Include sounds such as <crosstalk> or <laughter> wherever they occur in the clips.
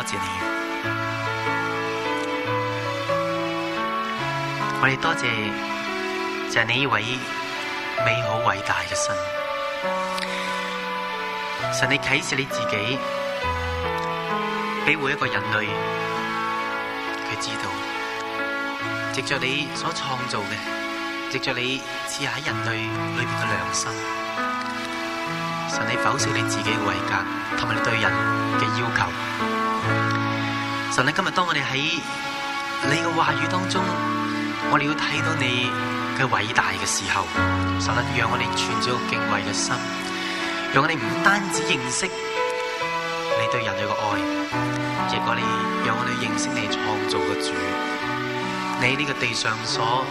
多謝你，我哋多謝就係你呢位美好偉大嘅神，神你啟示你自己，俾每一個人類佢知道，藉着你所創造嘅，藉着你賜下喺人類裏邊嘅良心，神你否決你自己嘅偉格，同埋你對人嘅要求。今日當我哋喺你嘅話語當中，我哋要睇到你嘅偉大嘅時候，神得讓我哋存住敬畏嘅心，讓我哋唔單止認識你對人類嘅愛，結果你，讓我哋認識你創造嘅主，你呢個地上所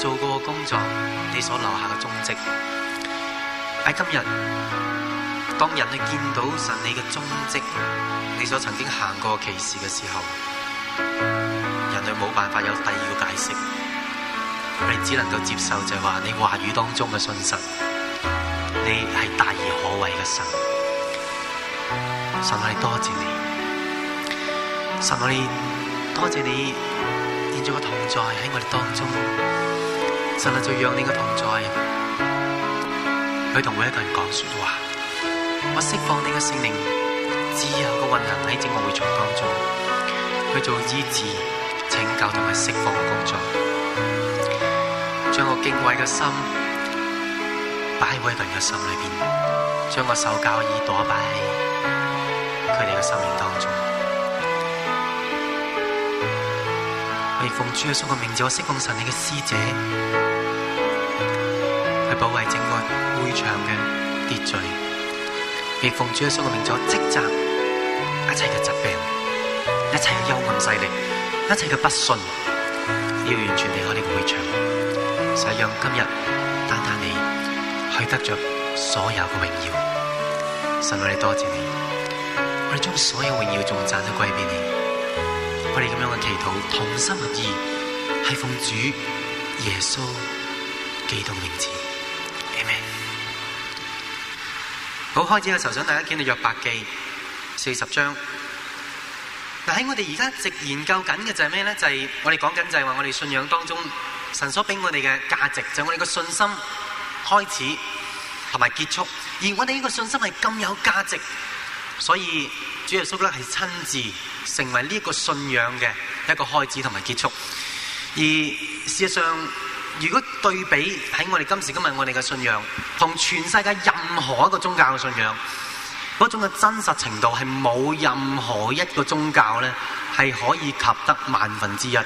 做過嘅工作，你所留下嘅蹤跡，喺今日。當人類見到神你嘅蹤跡，你所曾經行過奇事嘅時候，人類冇辦法有第二個解釋，你只能夠接受就係話你話語當中嘅信實，你係大而可畏嘅神。神啊，我哋多謝你，神啊，我哋多謝你，現咗個同在喺我哋當中，神啊，最讓你嘅同在佢同每一個人講說話。我釋放你嘅聖靈，自由嘅運行喺整個會場當中，去做醫治、請教同埋釋放嘅工作。嗯、將個敬畏嘅心擺喺每個人嘅心裏邊，將個手教朵擺喺佢哋嘅生命當中，嗯、我為奉主耶穌嘅名字，我釋放神你嘅使者，去、嗯、保衛整個會場嘅秩序。奉主耶穌嘅名，斥責一切嘅疾病、一切嘅幽暗勢力、一切嘅不信，你要完全離開呢個會場。就係讓今日單單你去得着所有嘅榮耀。神愛你，多謝你，我哋將所有榮耀仲讚咗歸俾你。我哋咁樣嘅祈禱，同心合意，係奉主耶穌基督名字。好，開始嘅時候，想大家見到約伯記四十章。嗱，喺我哋而家一直研究緊嘅就係咩咧？就係我哋講緊就係話，我哋信仰當中神所俾我哋嘅價值，就係我哋個信心開始同埋結束。而我哋呢個信心係咁有價值，所以主耶穌咧係親自成為呢一個信仰嘅一個開始同埋結束。而事實上，如果對比喺我哋今時今日我哋嘅信仰，同全世界任何一個宗教嘅信仰，嗰種嘅真實程度係冇任何一個宗教咧係可以及得萬分之一嘅。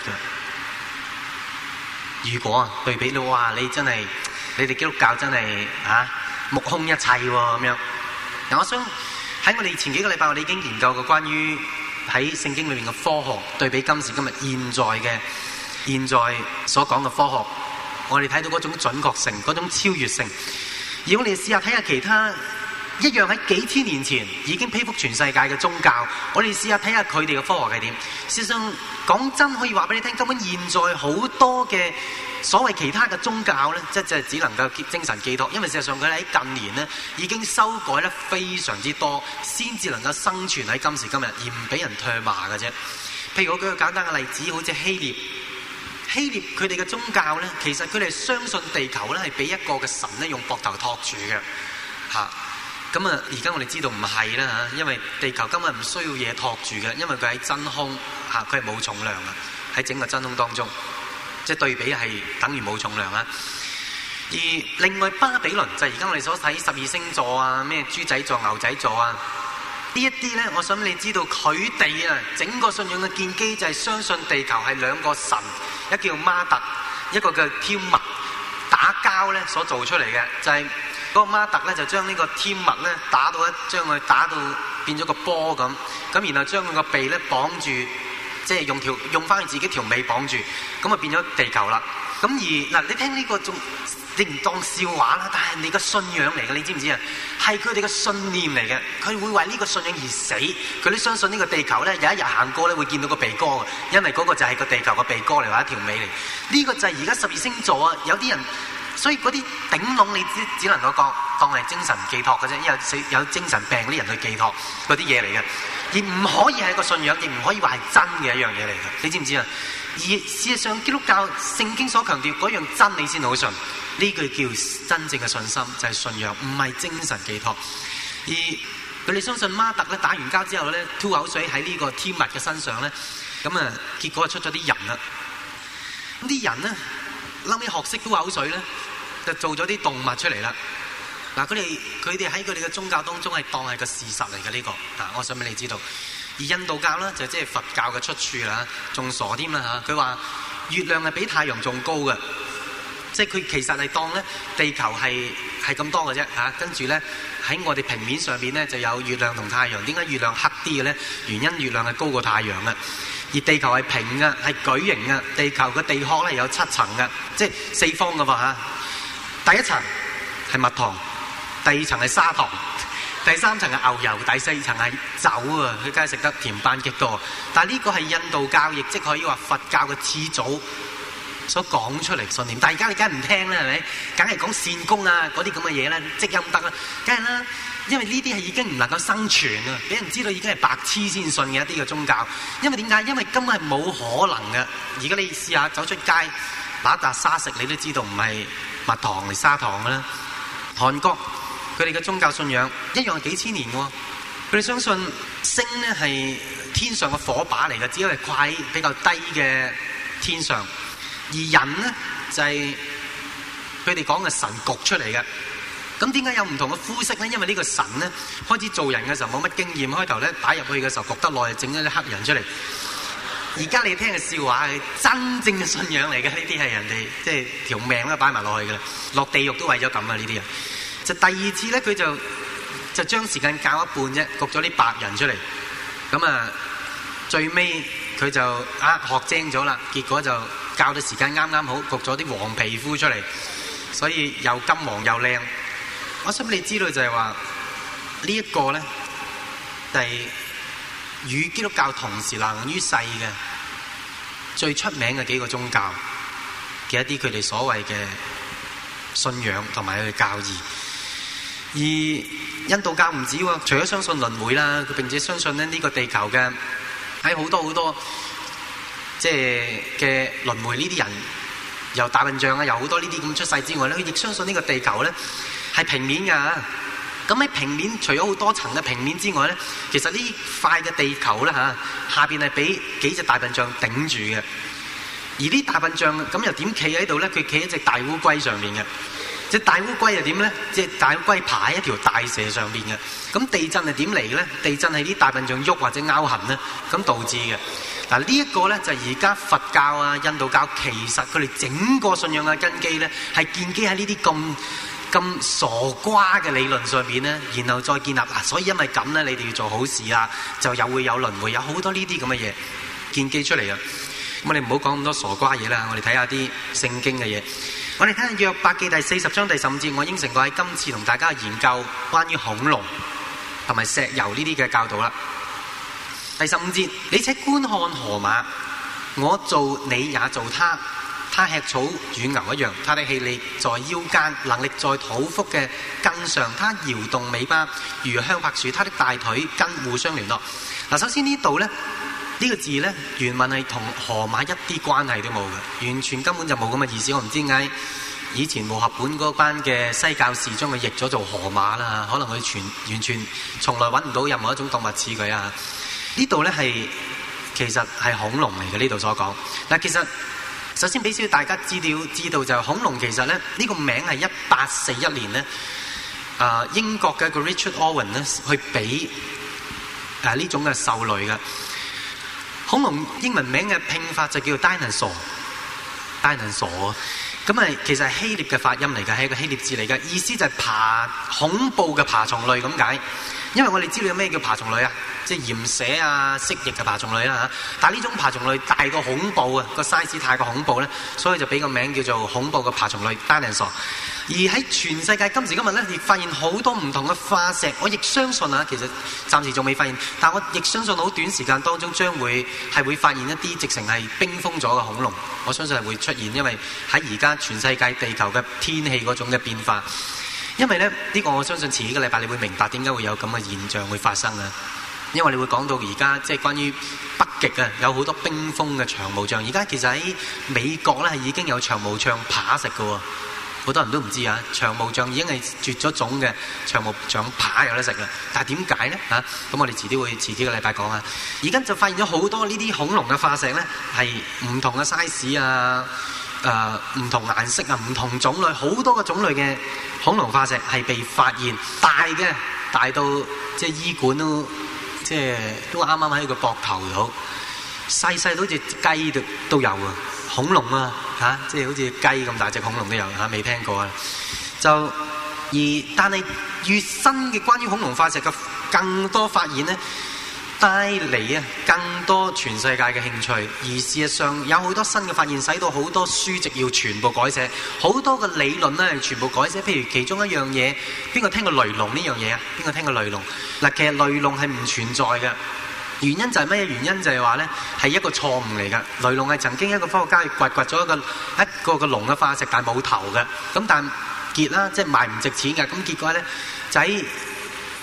如果啊對比到話，你真係你哋基督教真係嚇、啊、目空一切喎、啊、咁樣。嗱，我想喺我哋前幾個禮拜，我哋已經研究過關於喺聖經裏面嘅科學對比今時今日現在嘅現在所講嘅科學。我哋睇到嗰種準確性，嗰種超越性。如果我哋試下睇下其他一樣喺幾千年前已經披覆全世界嘅宗教，我哋試下睇下佢哋嘅科學係點。事實上，講真可以話俾你聽，根本現在好多嘅所謂其他嘅宗教咧，即係只能夠寄精神寄託，因為事實上佢哋喺近年呢已經修改得非常之多，先至能夠生存喺今時今日，而唔俾人唾罵嘅啫。譬如我舉個簡單嘅例子，好似希臘。希臘佢哋嘅宗教呢，其實佢哋相信地球呢係俾一個嘅神呢用膊頭托住嘅，吓咁啊！而家我哋知道唔係啦吓，因為地球根本唔需要嘢托住嘅，因為佢喺真空吓，佢係冇重量啊！喺整個真空當中，即係對比係等於冇重量啦。而另外巴比倫就係而家我哋所睇十二星座啊，咩豬仔座、牛仔座啊呢一啲呢，我想你知道佢哋啊整個信仰嘅建基就係相信地球係兩個神，一叫做孖特，一個叫天物，打交咧所做出嚟嘅，就係嗰個孖特咧就將呢個天物咧打到一將佢打到變咗個波咁，咁然後將佢個鼻咧綁住，即係用條用翻自己條尾綁住，咁啊變咗地球啦。咁而嗱，你聽呢個仲～你唔當笑話啦，但係你個信仰嚟嘅，你知唔知啊？係佢哋嘅信念嚟嘅，佢會為呢個信仰而死。佢都相信呢個地球咧，有一日行過咧，會見到個鼻哥嘅，因為嗰個就係個地球嘅鼻哥嚟，話一條尾嚟。呢個就係而家十二星座啊，有啲人，所以嗰啲頂籠你只，只能夠當當係精神寄託嘅啫，因為有精神病啲人去寄託嗰啲嘢嚟嘅，而唔可以係個信仰，亦唔可以話係真嘅一樣嘢嚟嘅。你知唔知啊？而事實上，基督教聖經所強調嗰樣真理先好信。呢句叫真正嘅信心，就係、是、信仰，唔係精神寄託。而佢哋相信馬特咧，打完交之後咧，吐口水喺呢個天物嘅身上咧，咁啊結果出咗啲人啦。咁啲人咧，後尾學識吐口水咧，就做咗啲動物出嚟啦。嗱，佢哋佢哋喺佢哋嘅宗教當中係當係個事實嚟嘅呢個，啊我想畀你知道。而印度教咧就即、是、係佛教嘅出處啦，仲傻添啦嚇。佢話月亮係比太陽仲高嘅。即係佢其實係當咧，地球係係咁多嘅啫嚇，跟住咧喺我哋平面上面咧就有月亮同太陽。點解月亮黑啲嘅咧？原因月亮係高過太陽嘅，而地球係平嘅，係矩形嘅。地球嘅地殼咧有七層嘅，即係四方嘅嘛嚇。第一層係蜜糖，第二層係砂糖，第三層係牛油，第四層係酒啊！佢梗係食得甜翻極多。但係呢個係印度教亦即可以話佛教嘅始祖。所講出嚟信念，但係而家你梗係唔聽啦，係咪？梗係講善功啊，嗰啲咁嘅嘢啦，積陰德啦，梗係啦。因為呢啲係已經唔能夠生存啊，俾人知道已經係白痴先信嘅一啲嘅宗教。因為點解？因為根本係冇可能嘅。而家你試下走出街，打一打沙石，你都知道唔係蜜糖嚟，砂糖㗎啦。韓國佢哋嘅宗教信仰一樣係幾千年嘅，佢哋相信星咧係天上嘅火把嚟嘅，只係喺比較低嘅天上。而人咧就係佢哋講嘅神焗出嚟嘅，咁點解有唔同嘅膚色咧？因為呢個神咧開始做人嘅時候冇乜經驗，開頭咧擺入去嘅時候焗得耐，整咗啲黑人出嚟。而家你聽嘅笑話係真正嘅信仰嚟嘅，呢啲係人哋即係條命啊擺埋落去嘅，落地獄都為咗咁啊。呢啲人就第二次咧，佢就就將時間較一半啫，焗咗啲白人出嚟。咁啊，最尾佢就啊學精咗啦，結果就。教嘅時間啱啱好焗咗啲黃皮膚出嚟，所以又金黃又靚。我想俾你知道就係話、這個、呢一個咧，係、就是、與基督教同時誕生於世嘅最出名嘅幾個宗教嘅一啲佢哋所謂嘅信仰同埋佢嘅教義。而印度教唔止喎，除咗相信輪迴啦，佢並且相信咧呢個地球嘅喺好多好多。即係嘅輪迴呢啲人由大笨象啊，由好多呢啲咁出世之外咧，佢亦相信呢個地球咧係平面嘅。咁喺平面除咗好多層嘅平面之外咧，其實呢塊嘅地球咧嚇下邊係俾幾隻大笨象頂住嘅。而啲大笨象咁又點企喺度咧？佢企喺隻大烏龜上面嘅。隻大烏龜又點咧？隻大烏龜爬喺一條大蛇上面嘅。咁地震係點嚟咧？地震係啲大笨象喐或者拗痕咧咁導致嘅。嗱，呢一個咧就係而家佛教啊、印度教，其實佢哋整個信仰嘅根基咧，係建基喺呢啲咁咁傻瓜嘅理論上面咧，然後再建立。嗱、啊，所以因為咁咧，你哋要做好事啊，就又會有輪迴，有好多呢啲咁嘅嘢建基出嚟啊。咁我哋唔好講咁多傻瓜嘢啦，我哋睇下啲聖經嘅嘢。我哋睇下約伯記第四十章第十五節，我應承過喺今次同大家研究關於恐龍同埋石油呢啲嘅教導啦。第十五節，你且觀看河馬，我做你也做他，他吃草如牛一樣，他的氣力在腰間，能力在肚腹嘅根上，更他搖動尾巴如香柏樹，他的大腿根互相聯絡。嗱，首先呢度呢，呢、呢個字呢，原文係同河馬一啲關係都冇嘅，完全根本就冇咁嘅意思。我唔知點解以前無合本嗰班嘅西教士將佢譯咗做河馬啦，可能佢全完全從來揾唔到任何一種動物似佢啊。呢度咧係其實係恐龍嚟嘅呢度所講。嗱，其實,其實首先俾少大家知了知道就係、恐龍其實咧呢、呢個名係一八四一年咧，啊、呃、英國嘅一個 Richard Owen 咧去俾啊呢種嘅獸類嘅恐龍英文名嘅拼法就叫 dinosaur，dinosaur。咁咪其實係希臘嘅發音嚟嘅，係一個希臘字嚟嘅，意思就係爬恐怖嘅爬蟲類咁解。因為我哋知道有咩叫爬蟲類啊？即係鹽蛇啊，蜥蜴嘅爬蟲類啦嚇，但係呢種爬蟲類大過恐怖啊，個 size 太過恐怖咧，所以就俾個名叫做恐怖嘅爬蟲類 Dinosaur。而喺全世界今時今日咧，亦發現好多唔同嘅化石。我亦相信啊，其實暫時仲未發現，但我亦相信好短時間當中將會係會發現一啲直情係冰封咗嘅恐龍。我相信係會出現，因為喺而家全世界地球嘅天氣嗰種嘅變化。因為咧呢、呢個我相信遲幾個禮拜你會明白點解會有咁嘅現象會發生啊！因為你會講到而家，即係關於北極啊，有好多冰封嘅長毛象。而家其實喺美國咧，已經有長毛象扒食㗎喎。好多人都唔知啊，長毛象已經係絕咗種嘅，長毛象扒有得食啦。但係點解咧嚇？咁、啊、我哋遲啲會遲啲個禮拜講啊。而家就發現咗好多呢啲恐龍嘅化石咧，係唔同嘅 size 啊，誒、呃、唔同顏色啊，唔同種類好多個種類嘅恐龍化石係被發現，大嘅大到即係醫館都。即係都啱啱喺個膊頭度，細細到隻雞度都有龍啊，恐龍啊嚇，即係好似雞咁大隻恐龍都有嚇，未、啊、聽過啊。就而但係越新嘅關於恐龍化石嘅更多發現咧。帶嚟啊更多全世界嘅興趣，而事實上有好多新嘅發現，使到好多書籍要全部改寫，好多嘅理論咧係全部改寫。譬如其中一樣嘢，邊個聽過雷龍呢樣嘢啊？邊個聽過雷龍？嗱，其實雷龍係唔存在嘅，原因就係乜嘢？原因就係話呢，係一個錯誤嚟嘅。雷龍係曾經一個科學家掘掘咗一個一個嘅龍嘅化石，但係冇頭嘅。咁但結啦，即係賣唔值錢嘅。咁結果呢，仔。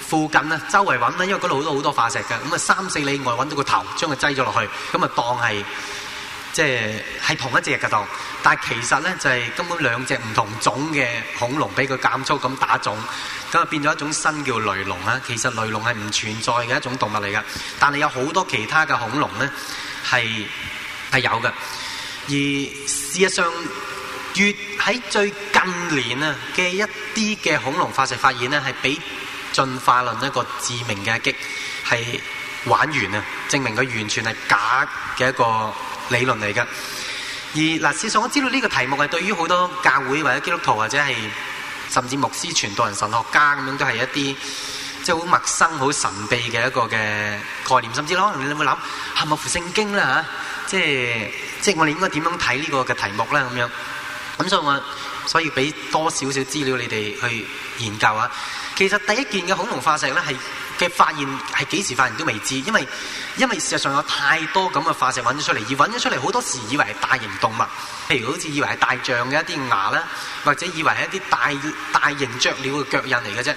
附近啊，周圍揾啦，因為嗰度好多好多化石嘅，咁啊三四里外揾到個頭，將佢擠咗落去，咁啊當係即係係同一隻嘅當，但係其實呢，就係根本兩隻唔同種嘅恐龍俾佢減速咁打種，咁啊變咗一種新叫雷龍啊。其實雷龍係唔存在嘅一種動物嚟嘅，但係有好多其他嘅恐龍呢，係係有嘅。而事實上，越喺最近年啊嘅一啲嘅恐龍化石發現呢，係比。進化論一個致命嘅擊係玩完啊！證明佢完全係假嘅一個理論嚟噶。而嗱，事實上我知道呢個題目係對於好多教會或者基督徒或者係甚至牧師、傳道人、神學家咁樣都係一啲即係好陌生、好神秘嘅一個嘅概念。甚至可能你會諗，係咪符聖經啦吓、啊？即係即係我哋應該點樣睇呢個嘅題目咧？咁樣咁所以我所以俾多少少資料你哋去。研究啊，其實第一件嘅恐龍化石呢，係嘅發現係幾時發現都未知，因為因為事實上有太多咁嘅化石揾咗出嚟，而揾咗出嚟好多時以為係大型動物，譬如好似以為係大象嘅一啲牙啦，或者以為係一啲大大型雀鳥嘅腳印嚟嘅啫。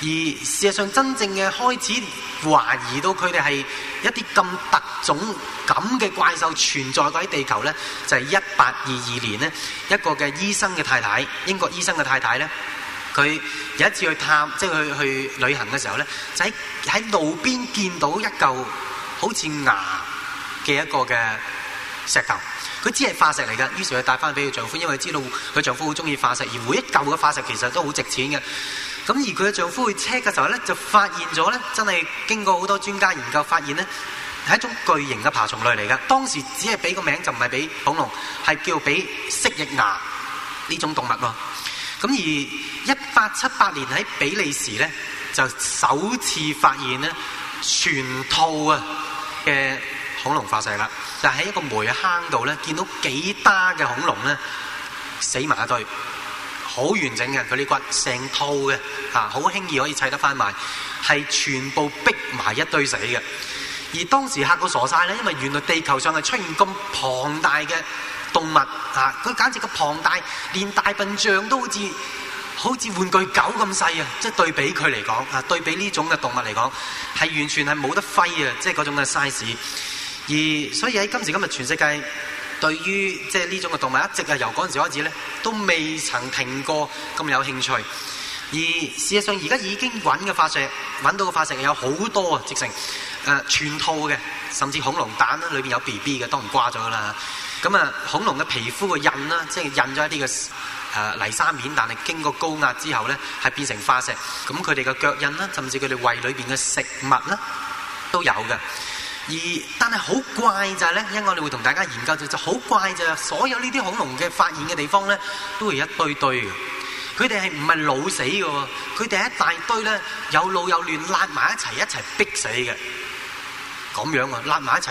而事實上真正嘅開始懷疑到佢哋係一啲咁特種咁嘅怪獸存在過喺地球呢，就係一八二二年呢，一個嘅醫生嘅太太，英國醫生嘅太太呢。佢有一次去探，即係去去旅行嘅時候咧，就喺喺路邊見到一嚿好似牙嘅一個嘅石頭，佢只係化石嚟㗎。於是佢帶翻俾佢丈夫，因為佢知道佢丈夫好中意化石，而每一嚿嘅化石其實都好值錢嘅。咁而佢嘅丈夫去 check 嘅時候咧，就發現咗咧，真係經過好多專家研究發現咧，係一種巨型嘅爬蟲類嚟㗎。當時只係俾個名，就唔係俾恐龍，係叫俾蜥蜴牙呢種動物咯。咁而一八七八年喺比利時咧，就首次發現咧全套啊嘅恐龍化石啦。但喺一個煤坑度咧，見到幾打嘅恐龍咧死埋一堆，好完整嘅佢啲骨，成套嘅嚇，好、啊、輕易可以砌得翻埋，係全部逼埋一堆死嘅。而當時嚇到傻晒咧，因為原來地球上係出現咁龐大嘅動物啊，佢簡直個龐大，連大笨象都好似好似玩具狗咁細啊！即係對比佢嚟講啊，對比呢種嘅動物嚟講，係完全係冇得揮啊！即係嗰種嘅 size。而所以喺今時今日，全世界對於即係呢種嘅動物，一直係由嗰陣時開始咧，都未曾停過咁有興趣。而事實上，而家已經揾嘅化石，揾到嘅化石有好多啊，直成誒全套嘅，甚至恐龍蛋咧，裏邊有 BB 嘅，當然瓜咗啦。咁啊，恐龍嘅皮膚嘅印啦，即係印咗一啲嘅誒泥沙面，但係經過高壓之後咧，係變成化石。咁佢哋嘅腳印啦，甚至佢哋胃裏邊嘅食物啦，都有嘅。而但係好怪就係咧，因為我哋會同大家研究咗，就好怪就係所有呢啲恐龍嘅發現嘅地方咧，都係一堆堆嘅。佢哋係唔係老死嘅？佢哋係一大堆咧，又老又嫩，拉埋一齊一齊逼死嘅，咁樣啊，拉埋一齊。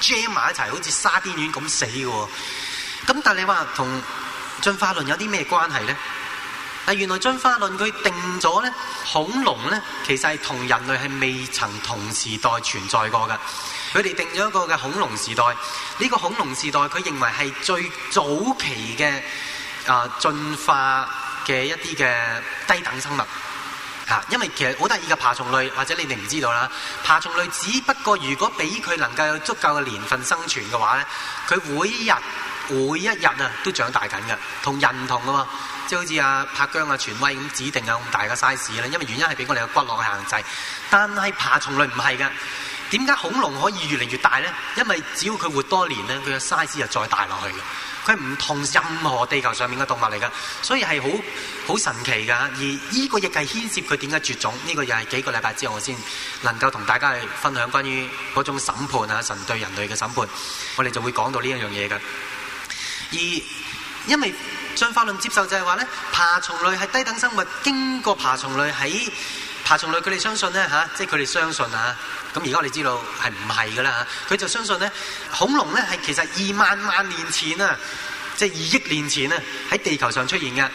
Jam 埋一齊好似沙甸魚咁死嘅喎，咁但係你話同進化論有啲咩關係咧？但原來進化論佢定咗咧，恐龍咧其實係同人類係未曾同時代存在過嘅，佢哋定咗一個嘅恐龍時代。呢個恐龍時代佢認為係最早期嘅啊進化嘅一啲嘅低等生物。嚇，因為其實好得意嘅爬蟲類，或者你哋唔知道啦。爬蟲類只不過，如果俾佢能夠有足夠嘅年份生存嘅話咧，佢每日每一日啊都長大緊嘅，人同人唔同噶嘛。即係好似阿柏姜、啊、傳威咁指定啊咁大嘅 size 咧，因為原因係俾我哋嘅骨骼限制。但係爬蟲類唔係嘅，點解恐龍可以越嚟越大咧？因為只要佢活多年咧，佢嘅 size 就再大落去嘅。佢唔同任何地球上面嘅動物嚟噶，所以係好好神奇噶。而呢個亦係牽涉佢點解絕種呢個，又係幾個禮拜之後我先能夠同大家去分享關於嗰種審判啊，神對人類嘅審判，我哋就會講到呢一樣嘢嘅。而因為進化論接受就係話呢，爬蟲類係低等生物，經過爬蟲類喺。爬蟲類佢哋相信呢，嚇，即係佢哋相信啊，咁而家我哋知道係唔係㗎喇嚇，佢就相信呢，恐龍呢係其實是二萬萬年前啊，即係二億年前啊喺地球上出現嘅。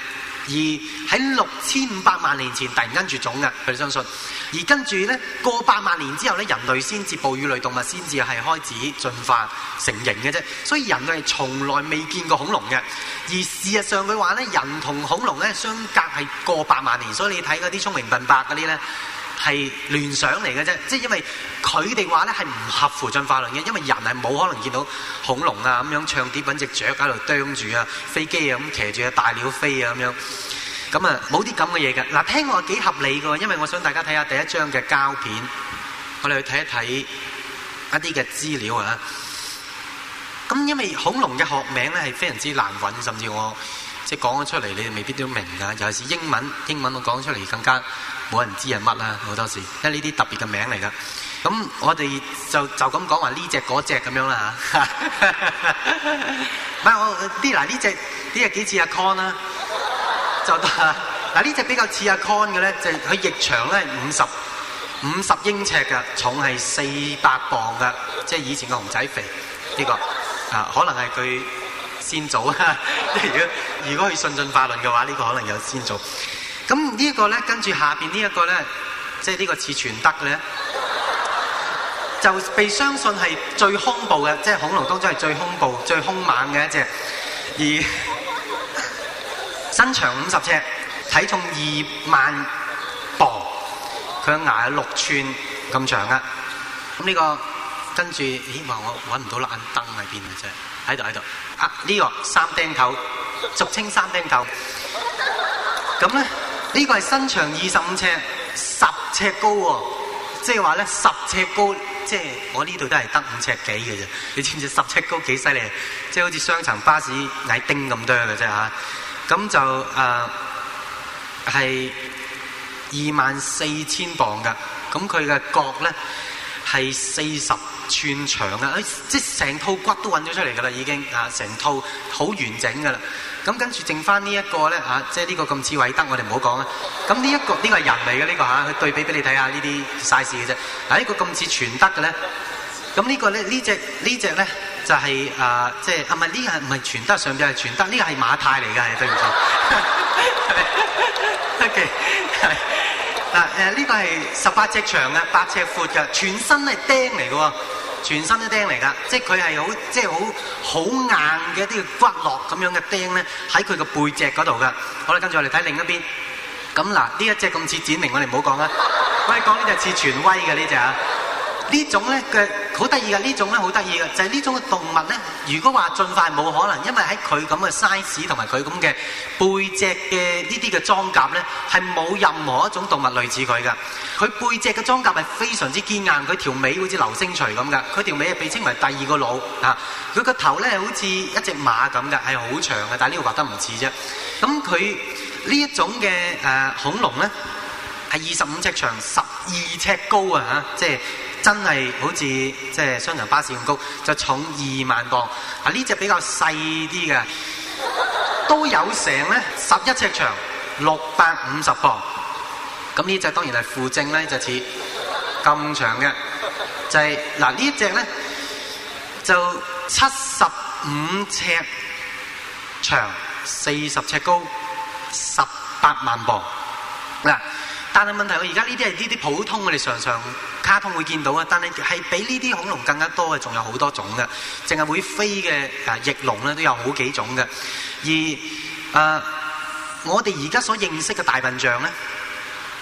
而喺六千五百萬年前突然間絕種嘅，佢哋相信。而跟住呢，過百萬年之後呢，人類先至哺乳類動物先至係開始進化成形嘅啫。所以人類係從來未見過恐龍嘅。而事實上佢話呢，人同恐龍呢相隔係過百萬年，所以你睇嗰啲聰明笨白嗰啲呢。係聯想嚟嘅啫，即係因為佢哋話咧係唔合乎進化論嘅，因為人係冇可能見到恐龍啊咁樣，唱機揾隻雀喺度啄住啊，飛機啊咁騎住啊大鳥飛啊咁樣，咁啊冇啲咁嘅嘢嘅。嗱，聽話幾合理㗎，因為我想大家睇下第一張嘅膠片，我哋去睇一睇一啲嘅資料啊。咁因為恐龍嘅學名咧係非常之難揾，甚至我。講咗出嚟，你哋未必都明㗎。尤其是英文，英文我講出嚟更加冇人知係乜啦。好多時，因為呢啲特別嘅名嚟㗎。咁我哋就就咁講話呢隻嗰隻咁樣啦嚇。唔係我啲嗱呢隻啲係幾似阿 Con 啦，就得啦。嗱呢隻比較似阿 Con 嘅咧，就係佢翼長咧係五十五十英尺㗎，重係四百磅㗎，即係以前個熊仔肥呢個啊，可能係佢。先祖啊！ <laughs> 如果如果去信進化論嘅話，呢、這個可能有先祖。咁呢個咧，跟住下邊呢一個咧，即係呢個似傳德嘅，就被相信係最恐怖嘅，即、就、係、是、恐龍當中係最恐怖、最兇猛嘅一隻。而 <laughs> 身長五十尺，體重二萬磅，佢嘅牙有六寸咁長啊！咁呢、這個。跟住希望我揾唔到啦，爛燈喺邊嘅啫，喺度喺度。啊，呢個三釘頭，俗稱三釘頭。咁咧， <laughs> 呢個係身長二十五尺，十尺高喎。即係話咧，十尺高，即係我呢度都係得五尺幾嘅啫。你知唔知十尺高幾犀利？即係好似雙層巴士矮丁咁多嘅啫吓，咁就誒係二萬四千磅嘅。咁佢嘅角咧。係四十寸長噶，誒，即係成套骨都揾咗出嚟噶啦，已經啊，成套好完整噶啦。咁、嗯、跟住剩翻呢一個咧，吓、啊，即係呢個咁似韋德，我哋唔好講啦。咁呢一個呢、這個係人嚟嘅呢個吓、啊，佢對比俾你睇下呢啲 size 嘅啫。嗱呢個咁似全德嘅咧，咁呢個咧呢隻呢隻咧就係啊，即係啊唔係呢個唔係全德上邊係全德呢個係馬太嚟嘅係對唔住，OK。嗱誒，呢個係十八尺長嘅，八尺闊嘅，全身係釘嚟嘅喎，全身都釘嚟嘅，即係佢係好即係好好硬嘅啲骨骼咁樣嘅釘咧，喺佢個背脊嗰度嘅。好啦，跟住我哋睇另一邊。咁嗱，呢一隻咁似展明，我哋唔好講啦，我哋講呢隻似傳威嘅呢隻啊。種呢種咧嘅好得意嘅，呢種咧好得意嘅，就係、是、呢種嘅動物咧。如果話進化冇可能，因為喺佢咁嘅 size 同埋佢咁嘅背脊嘅呢啲嘅裝甲咧，係冇任何一種動物類似佢嘅。佢背脊嘅裝甲係非常之堅硬，佢條尾好似流星錘咁嘅。佢條尾係被稱為第二個腦啊！佢個頭咧好似一隻馬咁嘅，係好長嘅，但係呢個畫得唔似啫。咁佢呢一種嘅誒、啊、恐龍咧，係二十五尺長，十二尺高啊！即係。.真係好似即係雙層巴士咁高，就重二萬磅。啊，呢隻比較細啲嘅，都有成咧十一尺長，六百五十磅。咁呢隻當然係副正咧，就似咁長嘅。就係嗱，呢隻咧就七十五尺長，四十尺高，十八萬磅嗱。啊。但係問題，我而家呢啲係呢啲普通我哋常常卡通會見到啊！但係係比呢啲恐龍更加多嘅，仲有好多種嘅，淨係會飛嘅啊翼龍咧都有好幾種嘅。而誒、呃，我哋而家所認識嘅大笨象咧，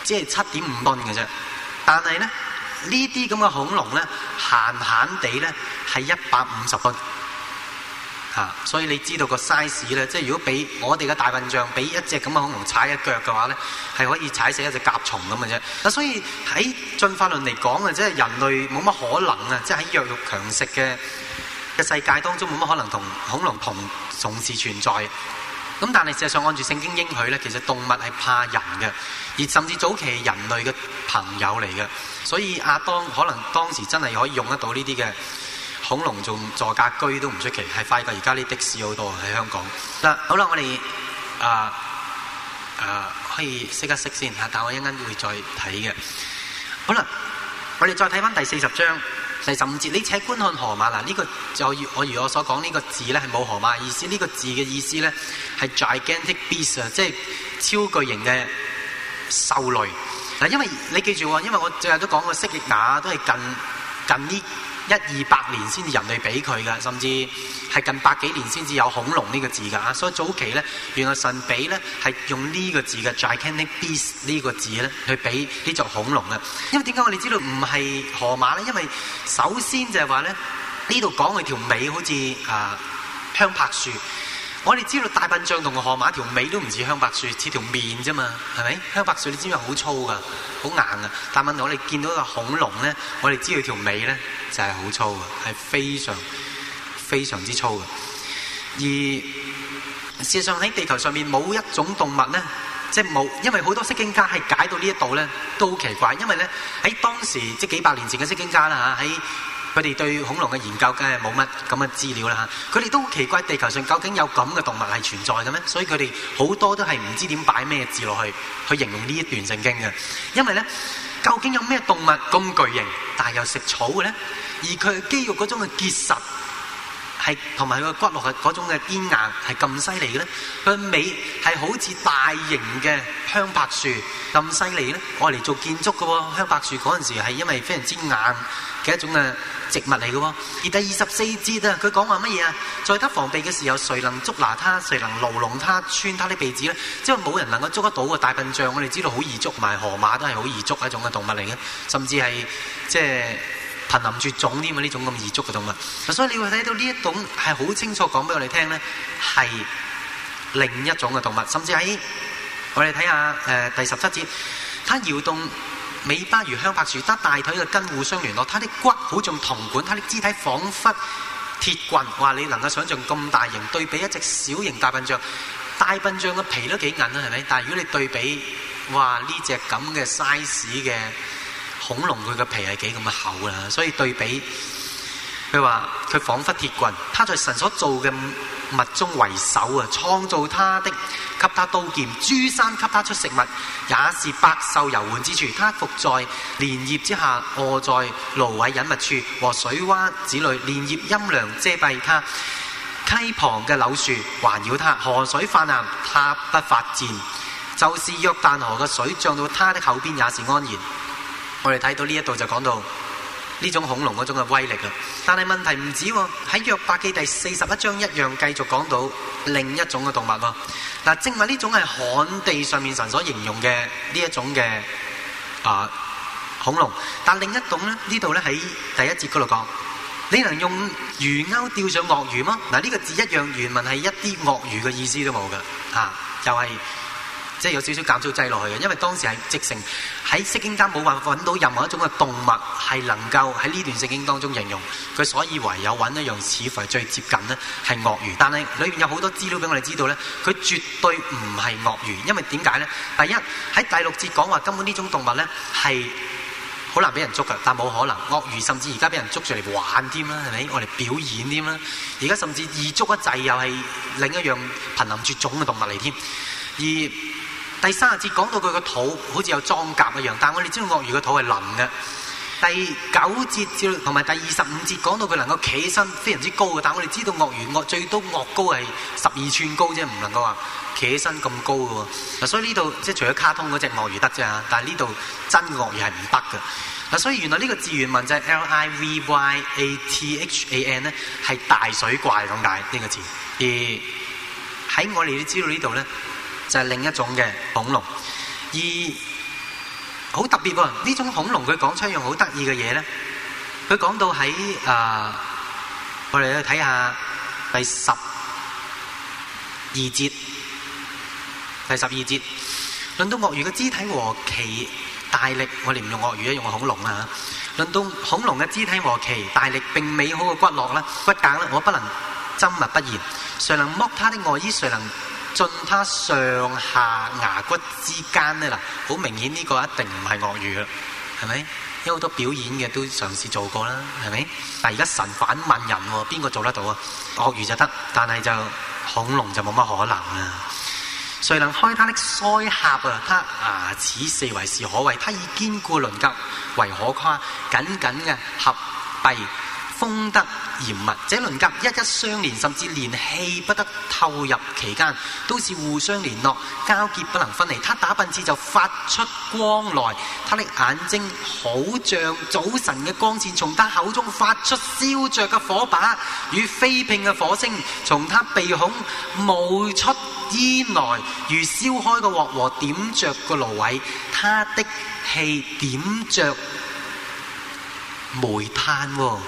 只係七點五噸嘅啫。但係咧，呢啲咁嘅恐龍咧，閒閒地咧係一百五十噸。啊！所以你知道個 size 咧，即係如果俾我哋嘅大笨象俾一隻咁嘅恐龍踩一腳嘅話咧，係可以踩死一隻甲蟲咁嘅啫。嗱，所以喺進化論嚟講啊，即係人類冇乜可能啊，即係喺弱肉強食嘅嘅世界當中冇乜可能同恐龍同同時存在。咁但係事實上按住聖經應許咧，其實動物係怕人嘅，而甚至早期人類嘅朋友嚟嘅。所以阿當可能當時真係可以用得到呢啲嘅。恐龍仲座駕居都唔出奇，係快過而家啲的士好多喺香港。嗱，好啦，我哋啊啊可以識一識先嚇，但我一陣會再睇嘅。好啦，我哋再睇翻第四十章第十五節，你且觀看河馬嗱，呢、這個就我如我所講呢、這個字咧係冇河馬意思，呢、這個字嘅意思咧係 gigantic beast，即係超巨型嘅獸類。嗱，因為你記住啊，因為我最後都講過蜥蜴牙都係近近啲。一二百年先至人類俾佢嘅，甚至係近百幾年先至有恐龍呢個字㗎啊！所以早期呢，原來神俾呢係用呢個字嘅，gigantic beast 呢個字呢去俾呢隻恐龍嘅。因為點解我哋知道唔係河馬呢？因為首先就係話呢，呢度講佢條尾好似啊香柏樹。我哋知道大笨象同個河馬條尾都唔似香柏樹，似條麵啫嘛，係咪？香柏樹你知唔知好粗㗎，好硬㗎。但問題我哋見到個恐龍咧，我哋知道條尾咧就係好粗㗎，係非常非常之粗㗎。而事實上喺地球上面冇一種動物咧，即係冇，因為好多釋經家係解到呢一度咧都好奇怪，因為咧喺當時即係幾百年前嘅釋經家啦喺。佢哋對恐龍嘅研究梗係冇乜咁嘅資料啦嚇，佢哋都好奇怪地球上究竟有咁嘅動物係存在嘅咩？所以佢哋好多都係唔知點擺咩字落去去形容呢一段聖經嘅，因為咧究竟有咩動物咁巨型，但係又食草嘅咧？而佢肌肉嗰種嘅結實係同埋佢個骨落去嗰種嘅堅硬係咁犀利嘅咧？佢尾係好似大型嘅香柏樹咁犀利咧？我嚟做建築嘅喎，香柏樹嗰陣時係因為非常之硬嘅一種嘅，植物嚟嘅喎，而第二十四節啊，佢講話乜嘢啊？在他防備嘅時候，誰能捉拿他？誰能牢籠他？穿他啲鼻子咧，即係冇人能夠捉得到嘅大笨象。我哋知道好易捉，同埋河馬都係好易捉一種嘅動物嚟嘅，甚至係即係瀕臨絕種啲嘛？呢種咁易捉嘅動物，所以你會睇到呢一種係好清楚講俾我哋聽咧，係另一種嘅動物，甚至喺我哋睇下誒第十七節，它搖動。尾巴如香柏樹，得大腿嘅筋互相聯絡。它的骨好像銅管，它的肢體彷彿鐵棍。哇，你能夠想像咁大型對比一隻小型大笨象，大笨象嘅皮都幾硬啦，係咪？但係如果你對比，哇呢隻咁嘅 size 嘅恐龍，佢嘅皮係幾咁厚啦。所以對比，佢話佢彷彿鐵棍，他在神所造嘅物中為首啊！創造他的，給他刀劍，諸山給他出食物，也是百獸遊玩之處。他伏在蓮葉之下，卧在蘆葦隱密處和水窪子裏，蓮葉陰涼遮蔽他。溪旁嘅柳樹環繞他，河水泛濫他不發戰，就是約旦河嘅水漲到他的口邊，也是安然。我哋睇到呢一度就講到。呢種恐龍嗰種嘅威力啊，但係問題唔止喎，喺約伯記第四十一章一樣繼續講到另一種嘅動物咯。嗱，正話呢種係旱地上面神所形容嘅呢一種嘅啊、呃、恐龍，但另一種咧呢度咧喺第一節嗰度講，你能用魚鈎釣上鱷魚嗎？嗱、這、呢個字一樣原文係一啲鱷魚嘅意思都冇㗎，啊，就係、是。即係有少少減少劑落去嘅，因為當時係直成喺聖經間冇辦法揾到任何一種嘅動物係能夠喺呢段聖經當中形容。佢所以唯有揾一樣似乎最接近呢係鱷魚，但係裏邊有好多資料俾我哋知道呢，佢絕對唔係鱷魚，因為點解呢？第一，喺第六節講話，根本呢種動物呢係好難俾人捉㗎，但冇可能鱷魚甚至而家俾人捉住嚟玩添啦，係咪？我哋表演添啦，而家甚至易捉一制又係另一樣瀕臨絕種嘅動物嚟添，而。第三節講到佢個肚好似有裝甲一樣，但係我哋知道鱷魚個肚係腍嘅。第九節照同埋第二十五節講到佢能夠企身非常之高嘅，但係我哋知道鱷魚鱷最多鱷高係十二寸高啫，唔能夠話企起身咁高嘅喎。嗱，所以呢度即係除咗卡通嗰隻鱷魚得啫，但係呢度真鱷魚係唔得嘅。嗱，所以原來呢個字原文就係 Livyathan 咧，係大水怪咁解呢個字。而喺我哋都知道呢度咧。就係另一種嘅恐龍，而好特別呢、啊、種恐龍佢講出一樣好得意嘅嘢咧，佢講到喺啊、呃，我哋去睇下第十二節，第十二節，論到鱷魚嘅肢體和其大力，我哋唔用鱷魚啊，用恐龍啊，論到恐龍嘅肢體和其大力，並美好嘅骨骼啦，骨甲啦，我不能緘默不言，誰能剝它的外衣，誰能？進他上下牙骨之間呢，嗱，好明顯呢個一定唔係鱷魚啦，係咪？有好多表演嘅都嘗試做過啦，係咪？但而家神反問人喎、哦，邊個做得到啊？鱷魚就得，但係就恐龍就冇乜可能啊！誰能開他的腮殼啊？他牙齒四圍是可畏，他以堅固鱗甲為可誇，緊緊嘅合閉。封得嚴密，這輪甲一一相連，甚至連氣不得透入其間，都是互相聯絡、交結不能分離。他打噴嚏就發出光來，他的眼睛好像早晨嘅光線，從他口中發出燒着嘅火把，與飛迸嘅火星，從他鼻孔冒出煙來，如燒開嘅鍋和點着嘅蘆葦，他的氣點着煤炭喎、哦。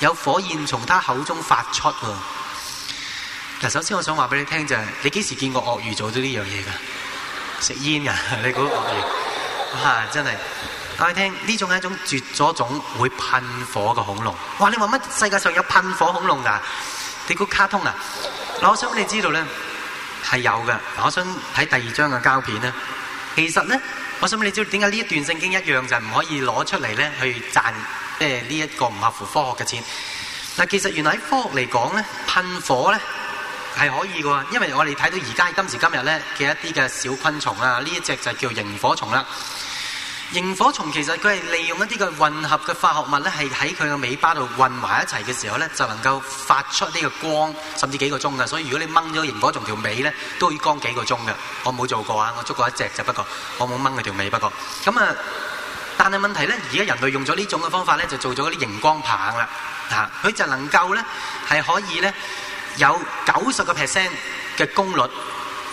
有火焰從他口中發出喎。嗱，首先我想話俾你聽就係：你幾時見過鱷魚做咗呢樣嘢㗎？食煙啊！ <laughs> 你估鱷魚？嚇！真係。我哋聽呢種係一種絕咗種會噴火嘅恐龍。哇！你話乜世界上有噴火恐龍啊？你估卡通啊？嗱，我想，呢呢我想俾你知道咧係有嘅。我想睇第二張嘅膠片咧，其實咧，我想俾你知點解呢一段聖經一樣就唔可以攞出嚟咧去賺？即係呢一個唔合乎科學嘅錢。嗱，其實原來喺科學嚟講咧，噴火咧係可以嘅，因為我哋睇到而家今時今日咧嘅一啲嘅小昆蟲啊，呢一隻就叫螢火蟲啦。螢火蟲其實佢係利用一啲嘅混合嘅化學物咧，係喺佢嘅尾巴度混埋一齊嘅時候咧，就能夠發出呢個光，甚至幾個鐘嘅。所以如果你掹咗螢火蟲條尾咧，都可以光幾個鐘嘅。我冇做過啊，我捉過一隻，就不過我冇掹佢條尾，不過咁啊。但係問題咧，而家人類用咗呢種嘅方法咧，就做咗嗰啲熒光棒啦，啊，佢就能夠咧係可以咧有九十個 percent 嘅功率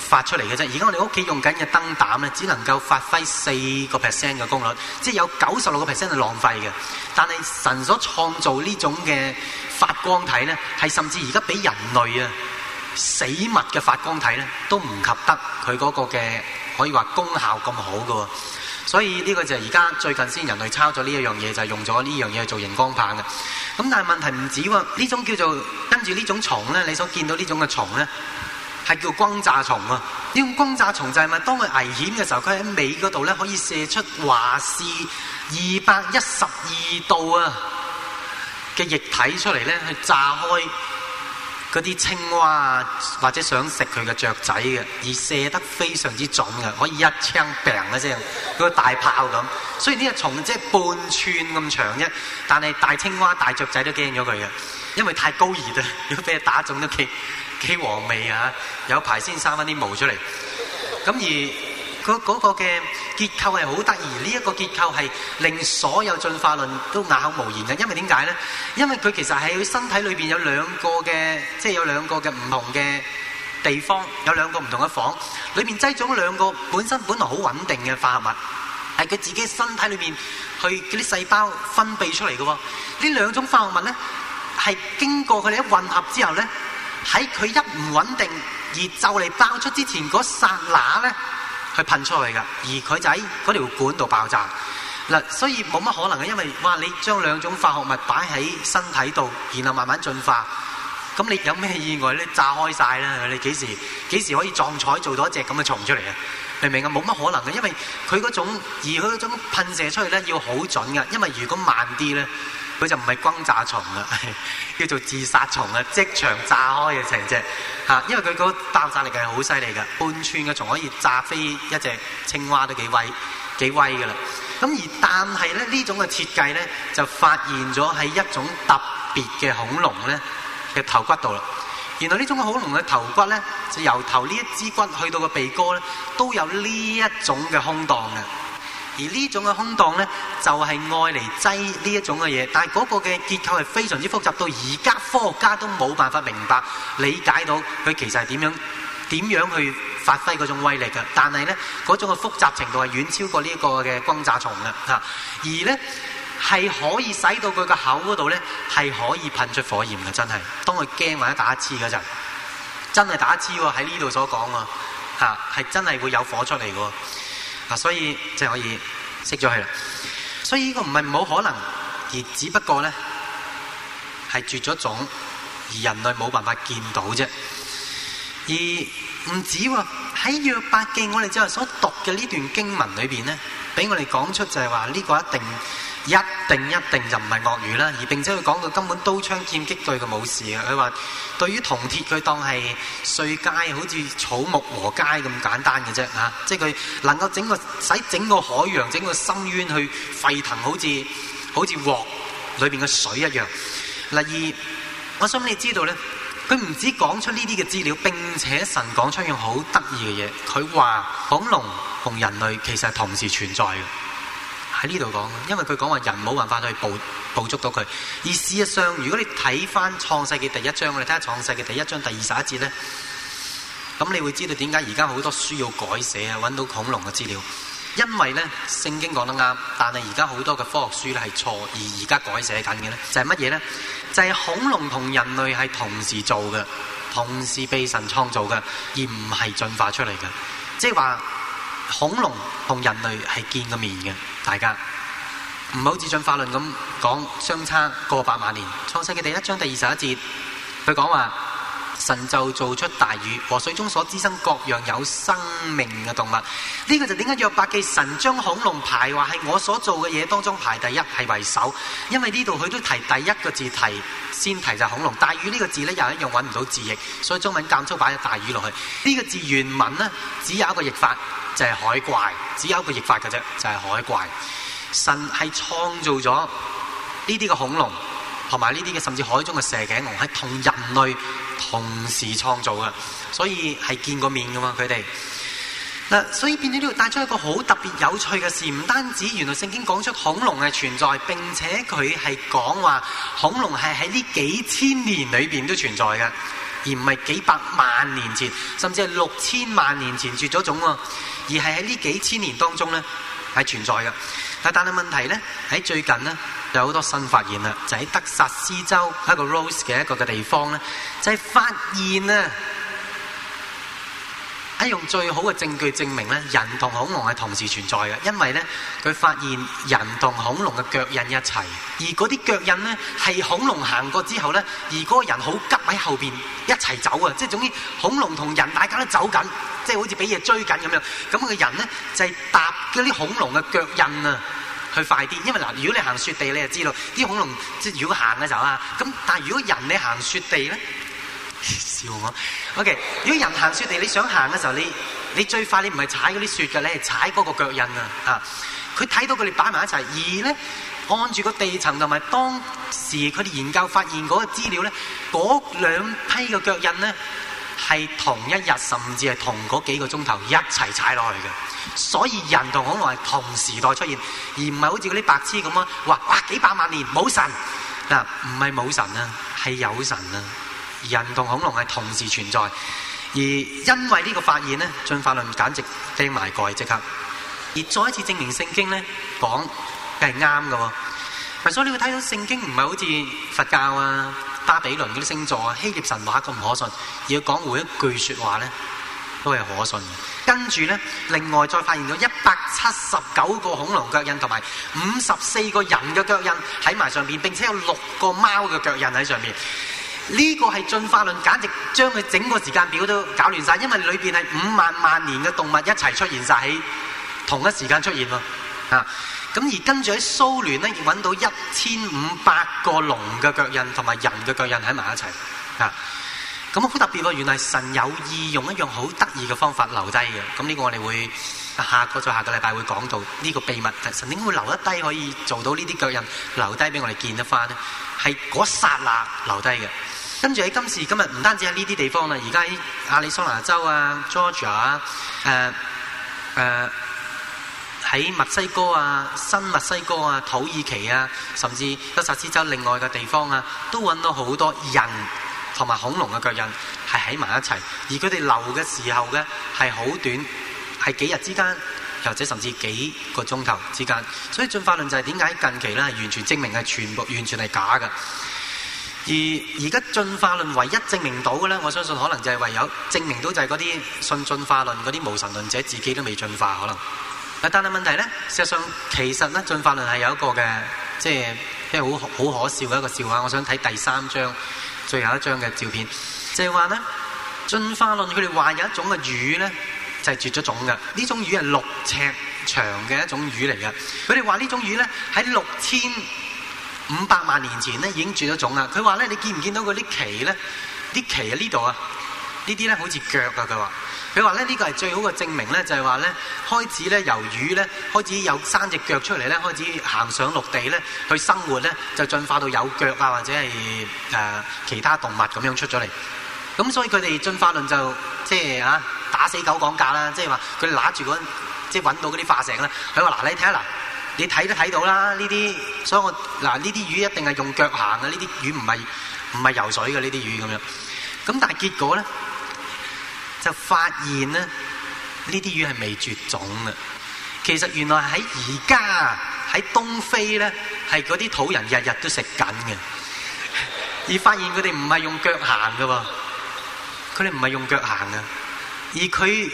發出嚟嘅啫。而家我哋屋企用緊嘅燈膽咧，只能夠發揮四個 percent 嘅功率，即係有九十六個 percent 係浪費嘅。但係神所創造呢種嘅發光體咧，係甚至而家比人類啊死物嘅發光體咧，都唔及得佢嗰個嘅可以話功效咁好㗎喎。所以呢個就係而家最近先人類抄咗呢一樣嘢，就係用咗呢樣嘢去做熒光棒嘅。咁但係問題唔止喎，呢種叫做跟住呢種蟲咧，你所見到呢種嘅蟲咧，係叫轟炸蟲啊！呢種轟炸蟲就係咪當佢危險嘅時候，佢喺尾嗰度咧可以射出華氏二百一十二度啊嘅液體出嚟咧，去炸開。嗰啲青蛙啊，或者想食佢嘅雀仔嘅，而射得非常之準嘅，可以一槍病一聲，嗰個大炮咁。雖然呢隻蟲即係半寸咁長啫，但係大青蛙、大雀仔都驚咗佢嘅，因為太高熱啊，如果俾佢打中都幾幾和味啊。有排先生翻啲毛出嚟，咁而。佢嗰個嘅結構係好得意，呢一個結構係令所有進化論都啞口無言嘅，因為點解咧？因為佢其實喺佢身體裏邊有兩個嘅，即係有兩個嘅唔同嘅地方，有兩個唔同嘅房，裏邊擠咗兩個本身本來好穩定嘅化合物，係佢自己身體裏邊去嗰啲細胞分泌出嚟嘅喎。呢兩種化合物咧，係經過佢哋一混合之後咧，喺佢一唔穩定而就嚟爆出之前嗰剎那咧。佢噴出嚟㗎，而佢就喺嗰條管度爆炸，嗱、啊，所以冇乜可能嘅，因為哇，你將兩種化學物擺喺身體度，然後慢慢進化，咁你有咩意外咧？你炸開晒啦！你幾時幾時可以撞彩做到一隻咁嘅蟲出嚟啊？明唔明啊？冇乜可能嘅，因為佢嗰種而佢嗰種噴射出嚟咧要好準㗎，因為如果慢啲咧。佢就唔係轟炸蟲啦， <laughs> 叫做自殺蟲啊！即場炸開嘅成隻嚇，因為佢個爆炸力係好犀利嘅，半寸嘅蟲可以炸飛一隻青蛙都幾威幾威嘅啦。咁而但係咧，呢種嘅設計咧，就發現咗喺一種特別嘅恐龍咧嘅頭骨度啦。原來呢種恐龍嘅頭骨咧，就由頭呢一支骨去到個鼻哥咧，都有呢一種嘅空檔嘅。而呢種嘅空檔呢，就係愛嚟擠呢一種嘅嘢，但係嗰個嘅結構係非常之複雜，到而家科學家都冇辦法明白理解到佢其實係點樣點樣去發揮嗰種威力嘅。但係呢，嗰種嘅複雜程度係遠超過呢一個嘅轟炸蟲嘅嚇、啊。而呢，係可以使到佢個口嗰度呢，係可以噴出火焰嘅，真係當佢驚或者打一次嗰陣，真係打一次喎喺呢度所講啊嚇，係真係會有火出嚟嘅。嗱、啊，所以即係可以熄咗佢啦。所以呢個唔係冇可能，而只不過咧係絕咗種，而人類冇辦法見到啫。而唔止喎，喺約伯記我哋之後所讀嘅呢段經文裏邊咧，俾我哋講出就係話呢個一定。一定一定就唔係鱷魚啦，而並且佢講到根本刀槍劍戟對佢冇事嘅。佢話對於銅鐵，佢當係碎街，好似草木和街咁簡單嘅啫。啊，即係佢能夠整個使整個海洋、整個深淵去沸騰，好似好似鑊裏邊嘅水一樣。例如我想你知道呢，佢唔止講出呢啲嘅資料，並且神講出一樣好得意嘅嘢，佢話恐龍同人類其實同時存在嘅。喺呢度講，因為佢講話人冇辦法去捕捕捉到佢。而事實上，如果你睇翻創世嘅第一章，我哋睇下創世嘅第一章第二十一節呢，咁你會知道點解而家好多書要改寫啊，揾到恐龍嘅資料。因為呢聖經講得啱，但係而家好多嘅科學書咧係錯，而而家改寫緊嘅、就是、呢，就係乜嘢呢？就係恐龍同人類係同時做嘅，同時被神創造嘅，而唔係進化出嚟嘅。即係話恐龍同人類係見過面嘅。大家唔好只準法論咁講相差過百萬年。創世記第一章第二十一節，佢講話神就造出大魚和水中所滋生各樣有生命嘅動物。呢、這個就點解約伯記神將恐龍排話係我所做嘅嘢當中排第一係為首？因為呢度佢都提第一個字提先提就恐龍大魚呢個字呢，又一樣揾唔到字譯，所以中文簡粗擺咗大魚落去。呢、這個字原文呢，只有一個譯法。就係海怪，只有一個譯法嘅啫，就係、是、海怪。神係創造咗呢啲嘅恐龍，同埋呢啲嘅甚至海中嘅蛇頸龍，係同人類同時創造嘅，所以係見過面噶嘛佢哋。嗱、啊，所以變咗呢度帶出一個好特別有趣嘅事，唔單止原來聖經講出恐龍係存在，並且佢係講話恐龍係喺呢幾千年裏面，都存在嘅。而唔係幾百萬年前，甚至係六千萬年前絕咗種喎，而係喺呢幾千年當中呢，係存在嘅。但係問題呢，喺最近呢有好多新發現啦，就喺、是、德薩斯州一個 Rose 嘅一個嘅地方呢，就係、是、發現啊。喺用最好嘅證據證明咧，人同恐龍係同時存在嘅，因為咧佢發現人同恐龍嘅腳印一齊，而嗰啲腳印咧係恐龍行過之後咧，而嗰個人好急喺後邊一齊走啊！即係總之恐龍同人大家都走緊，即係好似俾嘢追緊咁樣。咁佢個人咧就係搭嗰啲恐龍嘅腳印啊，去快啲。因為嗱，如果你行雪地，你就知道啲恐龍即係如果行嘅時候啊。咁但係如果人你行雪地咧？笑我，OK。如果人行雪地，你想行嘅時候，你你最快你唔係踩嗰啲雪噶，你係踩嗰個腳印啊。啊，佢睇到佢哋擺埋一齊，而咧按住個地層同埋當時佢哋研究發現嗰個資料咧，嗰兩批嘅腳印咧係同一日，甚至係同嗰幾個鐘頭一齊踩落去嘅。所以人同恐龍係同時代出現，而唔係好似嗰啲白痴咁樣話哇，哇幾百萬年冇神嗱，唔係冇神啊，係有神啊。人同恐龍係同時存在，而因為呢個發現咧，進化論簡直釘埋蓋即刻，而再一次證明聖經咧講係啱嘅。所以你會睇到聖經唔係好似佛教啊、巴比倫嗰啲星座啊、希臘神話咁唔可信，而講回一句說話咧，都係可信。跟住咧，另外再發現咗一百七十九個恐龍腳印同埋五十四個人嘅腳印喺埋上面，並且有六個貓嘅腳印喺上面。呢個係進化論，簡直將佢整個時間表都搞亂晒，因為裏邊係五萬萬年嘅動物一齊出現晒喺同一時間出現咯。咁、啊、而跟住喺蘇聯呢，亦揾到 1, 一千五百個龍嘅腳印同埋人嘅腳印喺埋一齊。嚇、啊！咁好特別喎，原來神有意用一樣好得意嘅方法留低嘅。咁、嗯、呢、呢個我哋會下個再下個禮拜會講到呢個秘密。神點會留一低可以做到呢啲腳印留低俾我哋見得翻呢？係嗰剎那留低嘅。跟住喺今時今日，唔單止喺呢啲地方啦，而家喺亞利桑那州啊、Georgia 啊、誒誒喺墨西哥啊、新墨西哥啊、土耳其啊，甚至德薩斯州另外嘅地方啊，都搵到好多人同埋恐龍嘅腳印，係喺埋一齊。而佢哋留嘅時候咧，係好短，係幾日之間，又或者甚至幾個鐘頭之間。所以進化論就係點解近期咧，完全證明係全部完全係假㗎。而而家進化論唯一證明到嘅咧，我相信可能就係唯有證明到就係嗰啲信進化論嗰啲無神論者自己都未進化可能。但係問題咧，事實上其實咧進化論係有一個嘅，即係即係好好可笑嘅一個笑話。我想睇第三張最後一張嘅照片，就係話咧進化論佢哋話有一種嘅魚咧就係、是、絕咗種嘅，呢種魚係六尺長嘅一種魚嚟嘅。佢哋話呢種魚咧喺六千五百萬年前咧已經絕咗種啦。佢話咧，你見唔見到嗰啲鰭咧？啲鰭啊呢度啊，呢啲咧好似腳啊。佢話佢話咧呢個係最好嘅證明咧，就係話咧開始咧由魚咧開始有三隻腳出嚟咧，開始行上陸地咧去生活咧，就進化到有腳啊或者係誒、呃、其他動物咁樣出咗嚟。咁所以佢哋進化論就即係、就是、啊打死狗講價啦，即係話佢哋揦住嗰即係揾到嗰啲化石啦。佢話嗱你睇下嗱。你睇都睇到啦，呢啲，所以我嗱呢啲魚一定係用腳行嘅，呢啲魚唔係唔係游水嘅呢啲魚咁樣。咁但係結果咧，就發現咧，呢啲魚係未絕種啊！其實原來喺而家喺東非咧，係啲土人日日都食緊嘅，而發現佢哋唔係用腳行嘅喎，佢哋唔係用腳行啊，而佢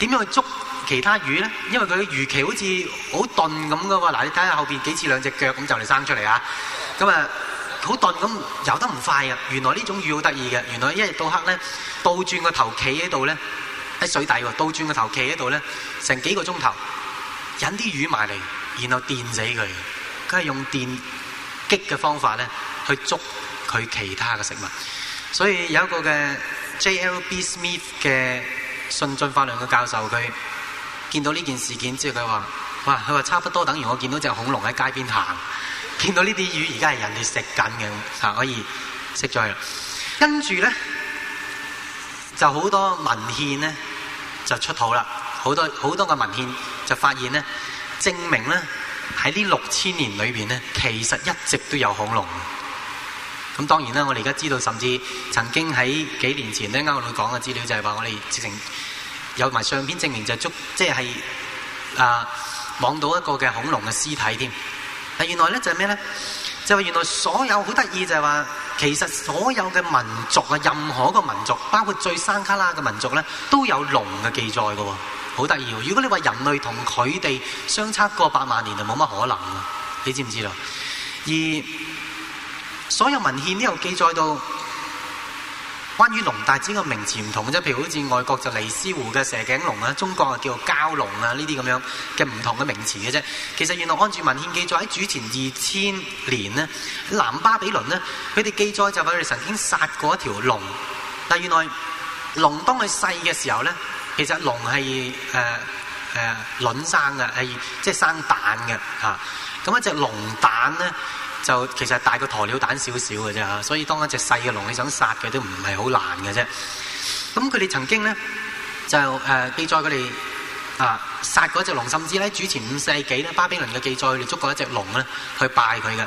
點樣去捉？其他魚咧，因為佢嘅魚鰭好似好鈍咁噶喎，嗱你睇下後邊幾似兩隻腳咁就嚟生出嚟啊！咁、嗯、啊，好鈍咁游得唔快啊！原來呢種魚好得意嘅，原來一日到黑咧倒轉個頭企喺度咧喺水底喎，倒轉個頭企喺度咧成幾個鐘頭引啲魚埋嚟，然後電死佢，佢係用電擊嘅方法咧去捉佢其他嘅食物。所以有一個嘅 JLB Smith 嘅信進化論嘅教授佢，見到呢件事件，之後佢話：哇！佢話差不多等於我見到隻恐龍喺街邊行，見到呢啲魚而家係人哋食緊嘅，啊，可以食咗佢。跟住咧，就好多文獻咧就出土啦，好多好多個文獻就發現咧，證明咧喺呢六千年裏邊咧，其實一直都有恐龍。咁當然啦，我哋而家知道，甚至曾經喺幾年前咧，啱我哋講嘅資料就係話，我哋直情。有埋相片證明就係捉，即係啊，望到一個嘅恐龍嘅屍體添。但原來咧就係咩咧？就係原來所有好得意就係話，其實所有嘅民族啊，任何一個民族，包括最山卡拉嘅民族咧，都有龍嘅記載嘅喎，好得意喎！如果你話人類同佢哋相差過百萬年就冇乜可能，你知唔知道？而所有文獻呢度記載到。關於龍大隻個名詞唔同嘅啫，譬如好似外國就尼斯湖嘅蛇頸龍啊，中國就叫蛟龍啊，呢啲咁樣嘅唔同嘅名詞嘅啫。其實原來按住文獻記載喺主前二千年呢，南巴比倫呢，佢哋記載就話佢哋曾經殺過一條龍。但原來龍當佢細嘅時候咧，其實龍係誒誒卵生嘅，係即係生蛋嘅嚇。咁、啊、一隻龍蛋咧。就其實大過鴕鳥蛋少少嘅啫，所以當一隻細嘅龍，你想殺佢都唔係好難嘅啫。咁佢哋曾經呢，就誒，記載佢哋啊！殺嗰隻龍，甚至咧主前五世紀咧巴比倫嘅記載，嚟捉過一隻龍咧，去拜佢嘅。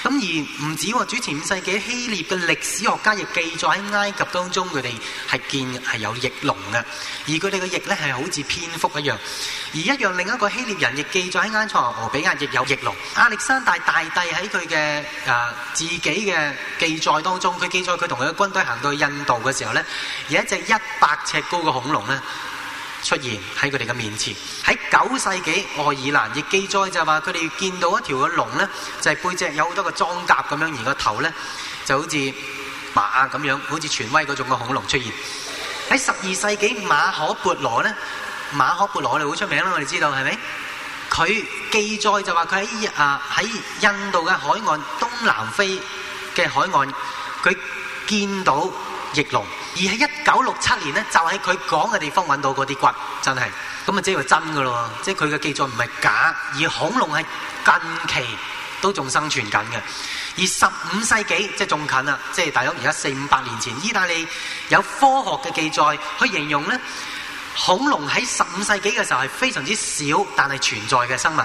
咁而唔止喎，主前五世紀，五世紀希臘嘅歷史學家亦記載喺埃及當中，佢哋係見係有翼龍嘅，而佢哋嘅翼咧係好似蝙蝠一樣。而一樣另一個希臘人亦記載喺埃塞俄比亞亦有翼龍。亞歷山大大帝喺佢嘅誒自己嘅記載當中，佢記載佢同佢嘅軍隊行到去印度嘅時候咧，有一隻一百尺高嘅恐龍咧。出現喺佢哋嘅面前，喺九世紀愛爾蘭亦記載就話佢哋見到一條嘅龍咧，就係背脊有好多個裝甲咁樣，而個頭咧就好似馬咁樣，好似傳威嗰種嘅恐龍出現。喺十二世紀馬可孛羅咧，馬可孛羅嚟好出名啦，我哋知道係咪？佢記載就話佢喺啊喺印度嘅海岸、東南非嘅海岸，佢見到翼龍。而喺一九六七年咧，就喺佢講嘅地方搵到嗰啲骨，真係，咁啊即係話真㗎咯，即係佢嘅記載唔係假，而恐龍係近期都仲生存緊嘅，而十五世紀即係仲近啦，即係大約而家四五百年前，意大利有科學嘅記載去形容咧，恐龍喺十五世紀嘅時候係非常之少，但係存在嘅生物。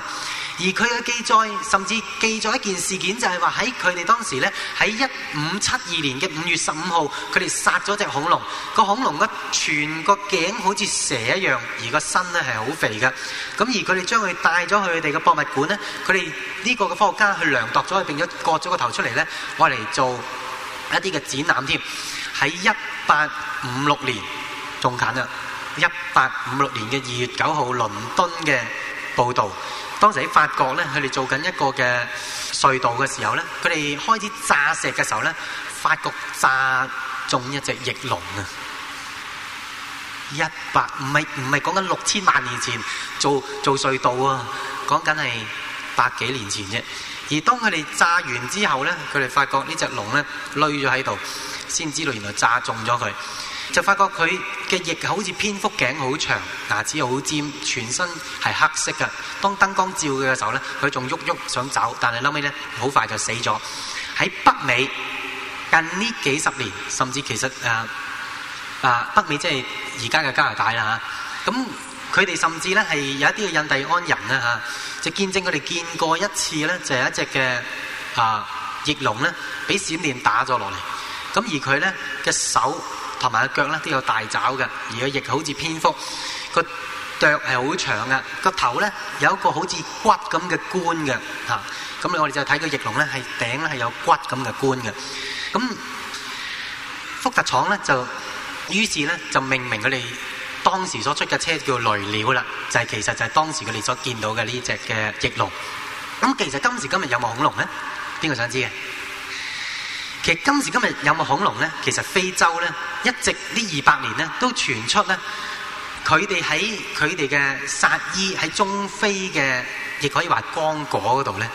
而佢嘅記載，甚至記載一件事件，就係話喺佢哋當時呢，喺一五七二年嘅五月十五號，佢哋殺咗隻恐龍。個恐龍嘅全個頸好似蛇一樣，而個身咧係好肥㗎。咁而佢哋將佢帶咗去佢哋嘅博物館呢，佢哋呢個嘅科學家去量度咗，佢，並且割咗個頭出嚟呢，愛嚟做一啲嘅展覽添。喺一八五六年，仲近啊，一八五六年嘅二月九號，倫敦嘅報導。當時喺法國咧，佢哋做緊一個嘅隧道嘅時候咧，佢哋開始炸石嘅時候咧，法國炸中一隻翼龍啊！一百唔係，唔係講緊六千萬年前做，做隧道啊，講緊係百幾年前啫。而當佢哋炸完之後咧，佢哋發覺隻呢隻龍咧累咗喺度，先知道原來炸中咗佢。就發覺佢嘅翼好似蝙蝠，頸好長，牙齒又好尖，全身係黑色嘅。當燈光照佢嘅時候咧，佢仲喐喐想走，但係後尾咧好快就死咗。喺北美近呢幾十年，甚至其實誒誒、呃呃、北美即係而家嘅加拿大啦嚇。咁佢哋甚至咧係有一啲嘅印第安人咧嚇、啊，就見證佢哋見過一次咧，就係、是、一隻嘅啊翼龍咧，俾閃電打咗落嚟。咁而佢咧嘅手。同埋個腳咧都有大爪嘅，而個翼好似蝙蝠，個腳係好長嘅，個頭咧有一個好似骨咁嘅冠嘅，吓，咁我哋就睇個翼龍咧係頂咧係有骨咁嘅冠嘅，咁福特廠咧就於是咧就命名佢哋當時所出嘅車叫雷鳥啦，就係其實就係當時佢哋所見到嘅呢隻嘅翼龍，咁其實今時今日有冇恐龍咧？邊個想知嘅？其實今時今日有冇恐龍咧？其實非洲咧，一直呢二百年咧都傳出咧，佢哋喺佢哋嘅薩伊喺中非嘅，亦可以話剛果嗰度咧，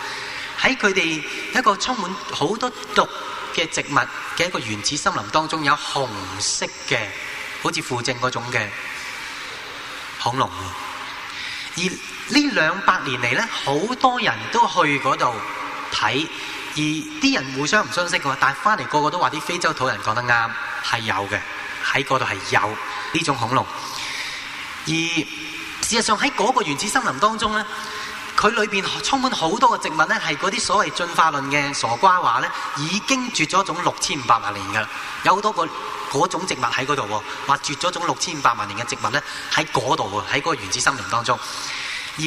喺佢哋一個充滿好多毒嘅植物嘅一個原始森林當中，有紅色嘅，好似附正嗰種嘅恐龍。而呢兩百年嚟咧，好多人都去嗰度睇。而啲人互相唔相識嘅，但係翻嚟個個都話啲非洲土人講得啱，係有嘅，喺嗰度係有呢種恐龍。而事實上喺嗰個原始森林當中咧，佢裏邊充滿好多嘅植物咧，係嗰啲所謂進化論嘅傻瓜話咧，已經絕咗種六千五百萬年㗎啦。有好多個嗰種植物喺嗰度喎，話絕咗種六千五百萬年嘅植物咧喺嗰度喎，喺嗰個原始森林當中。而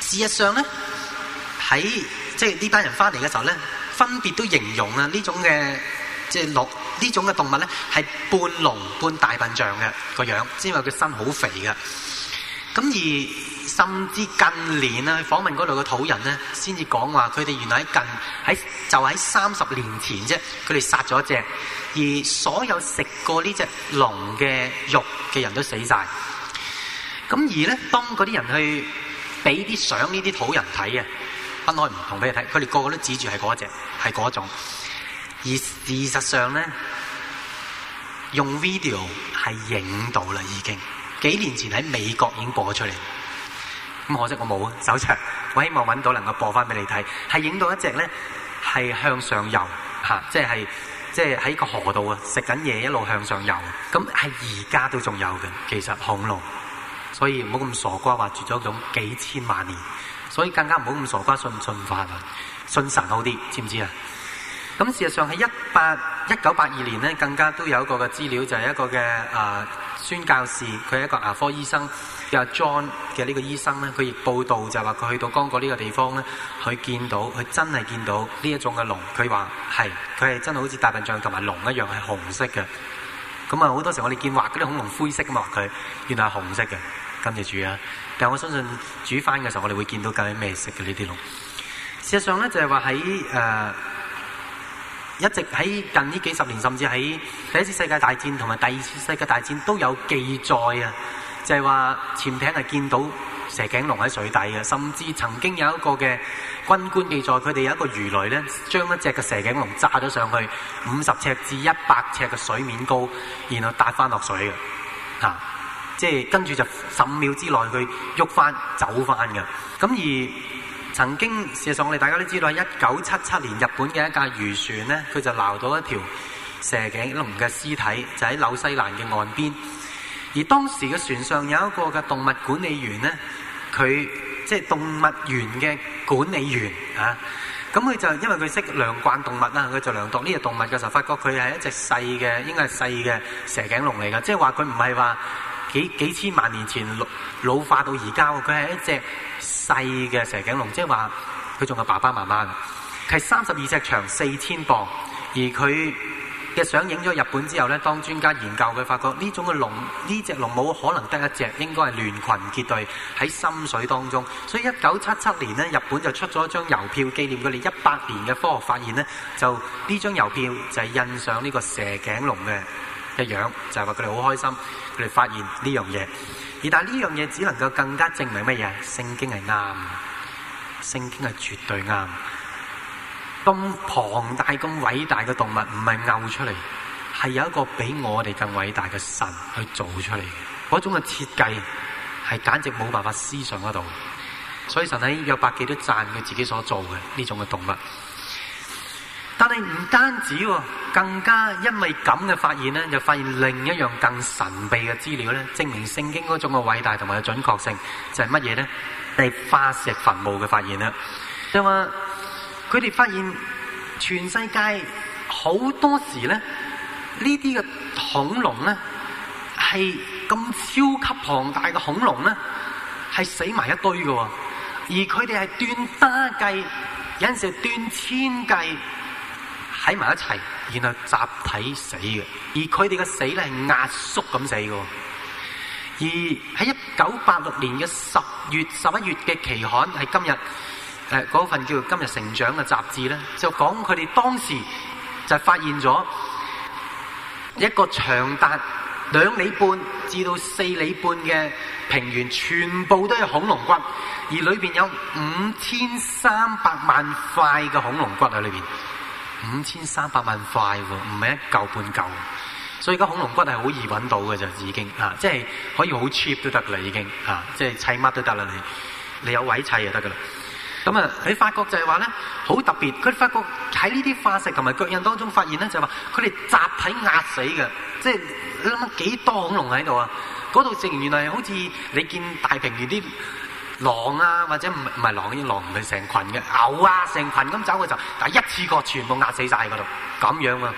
事實上咧喺。即係呢班人翻嚟嘅時候咧，分別都形容啊呢種嘅即係龍，呢種嘅動物咧係半龍半大笨象嘅個樣，因為佢身好肥嘅。咁而甚至近年啊，訪問嗰度嘅土人咧，先至講話佢哋原來喺近喺就喺三十年前啫，佢哋殺咗一隻，而所有食過呢隻龍嘅肉嘅人都死晒。咁而咧，當嗰啲人去俾啲相呢啲土人睇啊！分開唔同俾你睇，佢哋個個都指住係嗰一隻，係嗰種。而事實上呢，用 video 係影到啦，已經幾年前喺美國已經播出嚟。咁可惜我冇啊，首席，我希望揾到能夠播翻俾你睇。係影到一隻呢，係向上遊嚇，即係即係喺個河道啊，食緊嘢一路向上遊。咁係而家都仲有嘅，其實恐龍。所以唔好咁傻瓜話絕咗種幾千萬年。所以更加唔好咁傻瓜，信唔信法，啊，信神好啲，知唔知啊？咁事實上喺一八一九八二年咧，更加都有一個嘅資料，就係、是、一個嘅誒、呃、宣教士，佢係一個牙科醫生叫 John 嘅呢個醫生咧，佢亦報道就話佢去到剛果呢個地方咧，佢見到佢真係見到呢一種嘅龍，佢話係佢係真係好似大笨象同埋龍一樣係紅色嘅。咁啊，好多時我哋見畫嗰啲恐龍灰色嘅嘛，佢原來係紅色嘅。跟住煮啊！但我相信煮翻嘅時候，我哋會見到究竟咩色嘅呢啲龍。事實上咧，就係話喺誒，一直喺近呢幾十年，甚至喺第一次世界大戰同埋第二次世界大戰都有記載啊！就係話潛艇係見到蛇頸龍喺水底嘅，甚至曾經有一個嘅軍官記載，佢哋有一個魚雷咧，將一隻嘅蛇頸龍炸咗上去五十尺至一百尺嘅水面高，然後帶翻落水嘅吓。啊即係跟住就十五秒之內佢喐翻走翻嘅。咁而曾經，事實上我哋大家都知道，一九七七年日本嘅一架漁船咧，佢就撈到一條蛇頸龍嘅屍體，就喺紐西蘭嘅岸邊。而當時嘅船上有一個嘅動物管理員咧，佢即係動物園嘅管理員啊。咁佢就因為佢識量慣動物啦，佢就量度呢隻動物嘅時候，發覺佢係一隻細嘅，應該係細嘅蛇頸龍嚟㗎。即係話佢唔係話。幾幾千萬年前老老化到而家，佢係一隻細嘅蛇頸龍，即係話佢仲有爸爸媽媽。係三十二尺長，四千磅。而佢嘅相影咗日本之後呢，當專家研究佢，發覺呢種嘅龍，呢隻龍冇可能得一隻，應該係聯群結隊喺深水當中。所以一九七七年呢，日本就出咗一張郵票紀念佢哋一百年嘅科學發現呢，就呢張郵票就係印上呢個蛇頸龍嘅。一樣就係話佢哋好開心，佢哋發現呢樣嘢，而但係呢樣嘢只能夠更加證明乜嘢？聖經係啱，聖經係絕對啱。咁龐大、咁偉大嘅動物唔係牛出嚟，係有一個比我哋更偉大嘅神去做出嚟嘅。嗰種嘅設計係簡直冇辦法思想得到。所以神喺約伯記都讚佢自己所做嘅呢種嘅動物。但係唔單止喎、哦，更加因為咁嘅發現咧，就發現另一樣更神秘嘅資料咧，證明聖經嗰種嘅偉大同埋嘅準確性就係乜嘢咧？係化石墳墓嘅發現啦。就話佢哋發現全世界好多時咧，呢啲嘅恐龍咧係咁超級龐大嘅恐龍咧，係死埋一堆嘅、哦，而佢哋係斷百計，有陣時斷千計。喺埋一齊，然後集體死嘅。而佢哋嘅死咧，係壓縮咁死嘅。而喺一九八六年嘅十月十一月嘅期刊，係今日誒嗰、呃、份叫做《今日成長》嘅雜誌咧，就講佢哋當時就發現咗一個長達兩里半至到四里半嘅平原，全部都係恐龍骨，而裏邊有五千三百萬塊嘅恐龍骨喺裏邊。五千三百萬塊喎，唔係一嚿半嚿，所以而家恐龍骨係好易揾到嘅就已經啊，即係可以好 cheap 都得啦，已經啊，即係砌乜都得啦，你你有位砌就得噶啦。咁啊，你發覺就係話咧，好特別，佢發覺喺呢啲化石同埋腳印當中發現咧，就係話佢哋集體壓死嘅，即係你諗幾多恐龍喺度啊？嗰度成原來好似你見大平原啲。狼啊，或者唔唔係狼，啲狼唔係成群嘅牛啊，成群咁走嘅時候，但係一次過全部壓死曬喺嗰度，咁樣啊，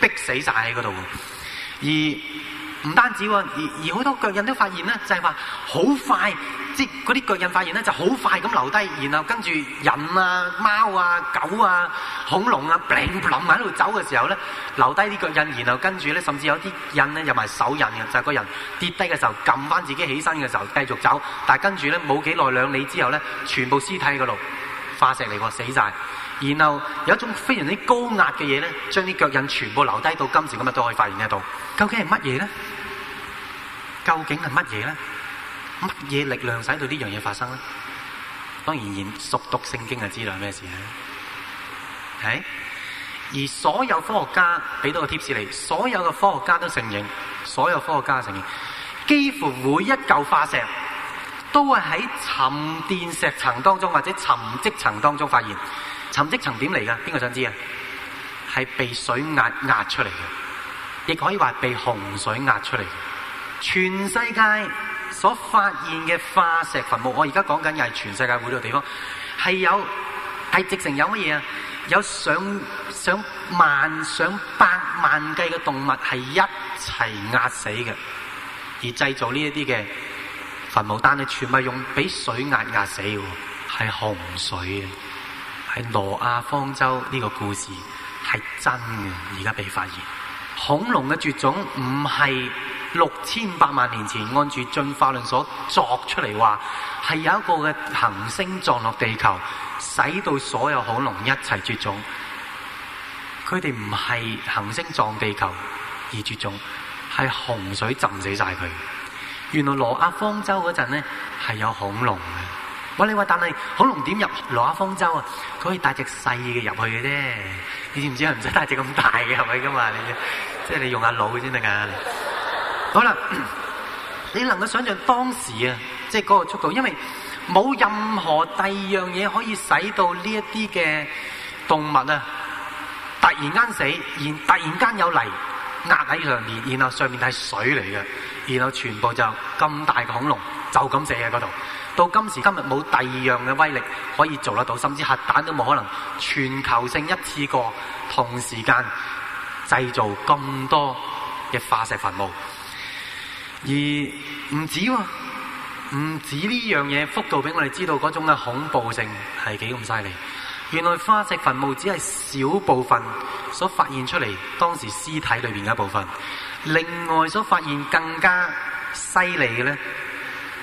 逼死曬喺嗰度，而。唔單止喎，而而好多腳印都發現咧，就係話好快，即係嗰啲腳印發現咧，就好快咁留低，然後跟住人啊、貓啊、狗啊、恐龍啊，boom boom 喺度走嘅時候咧，留低啲腳印，然後跟住咧，甚至有啲印咧有埋手印嘅，就係個人跌低嘅時候撳翻自己起身嘅時候繼續走，但係跟住咧冇幾耐兩里之後咧，全部屍體喺度化石嚟喎死晒。然後有一種非常之高壓嘅嘢咧，將啲腳印全部留低到今時今日都可以發現喺度，究竟係乜嘢咧？究竟係乜嘢咧？乜嘢力量使到呢樣嘢發生咧？當然然熟讀聖經就知啦，咩事咧？係而所有科學家俾到個貼士嚟，所有嘅科學家都承認，所有科學家承認，幾乎每一嚿化石都係喺沉澱石層當中或者沉積層當中發現。沉積層點嚟噶？邊個想知啊？係被水壓壓出嚟嘅，亦可以話係被洪水壓出嚟。全世界所發現嘅化石墳墓，我而家講緊又係全世界嗰度地方，係有係直情有乜嘢啊？有上上萬上百萬計嘅動物係一齊壓死嘅，而製造呢一啲嘅墳墓，但係全唔係用俾水壓壓死，係洪水啊！係挪亞方舟呢個故事係真嘅，而家被發現，恐龍嘅絕種唔係。六千八萬年前，按住進化論所作出嚟話，係有一個嘅行星撞落地球，使到所有恐龍一齊絕種。佢哋唔係行星撞地球而絕種，係洪水浸死晒佢。原來羅亞方舟嗰陣咧係有恐龍嘅。喂，你話，但係恐龍點入羅亞方舟啊？佢可以帶隻細嘅入去嘅啫。你知唔知啊？唔使帶隻咁大嘅係咪噶嘛？你即係你用下腦先得噶。好啦，你能夠想像當時啊，即係嗰個速度，因為冇任何第二樣嘢可以使到呢一啲嘅動物啊，突然間死，然突然間有泥壓喺上面，然後上面係水嚟嘅，然後全部就咁大嘅恐龍就咁死喺嗰度。到今時今日冇第二樣嘅威力可以做得到，甚至核彈都冇可能全球性一次過同時間製造咁多嘅化石墳墓。而唔止喎，唔止呢樣嘢幅度俾我哋知道嗰種嘅恐怖性係幾咁犀利。原來化石墳墓只係小部分所發現出嚟當時屍體裏邊嘅一部分，另外所發現更加犀利嘅咧，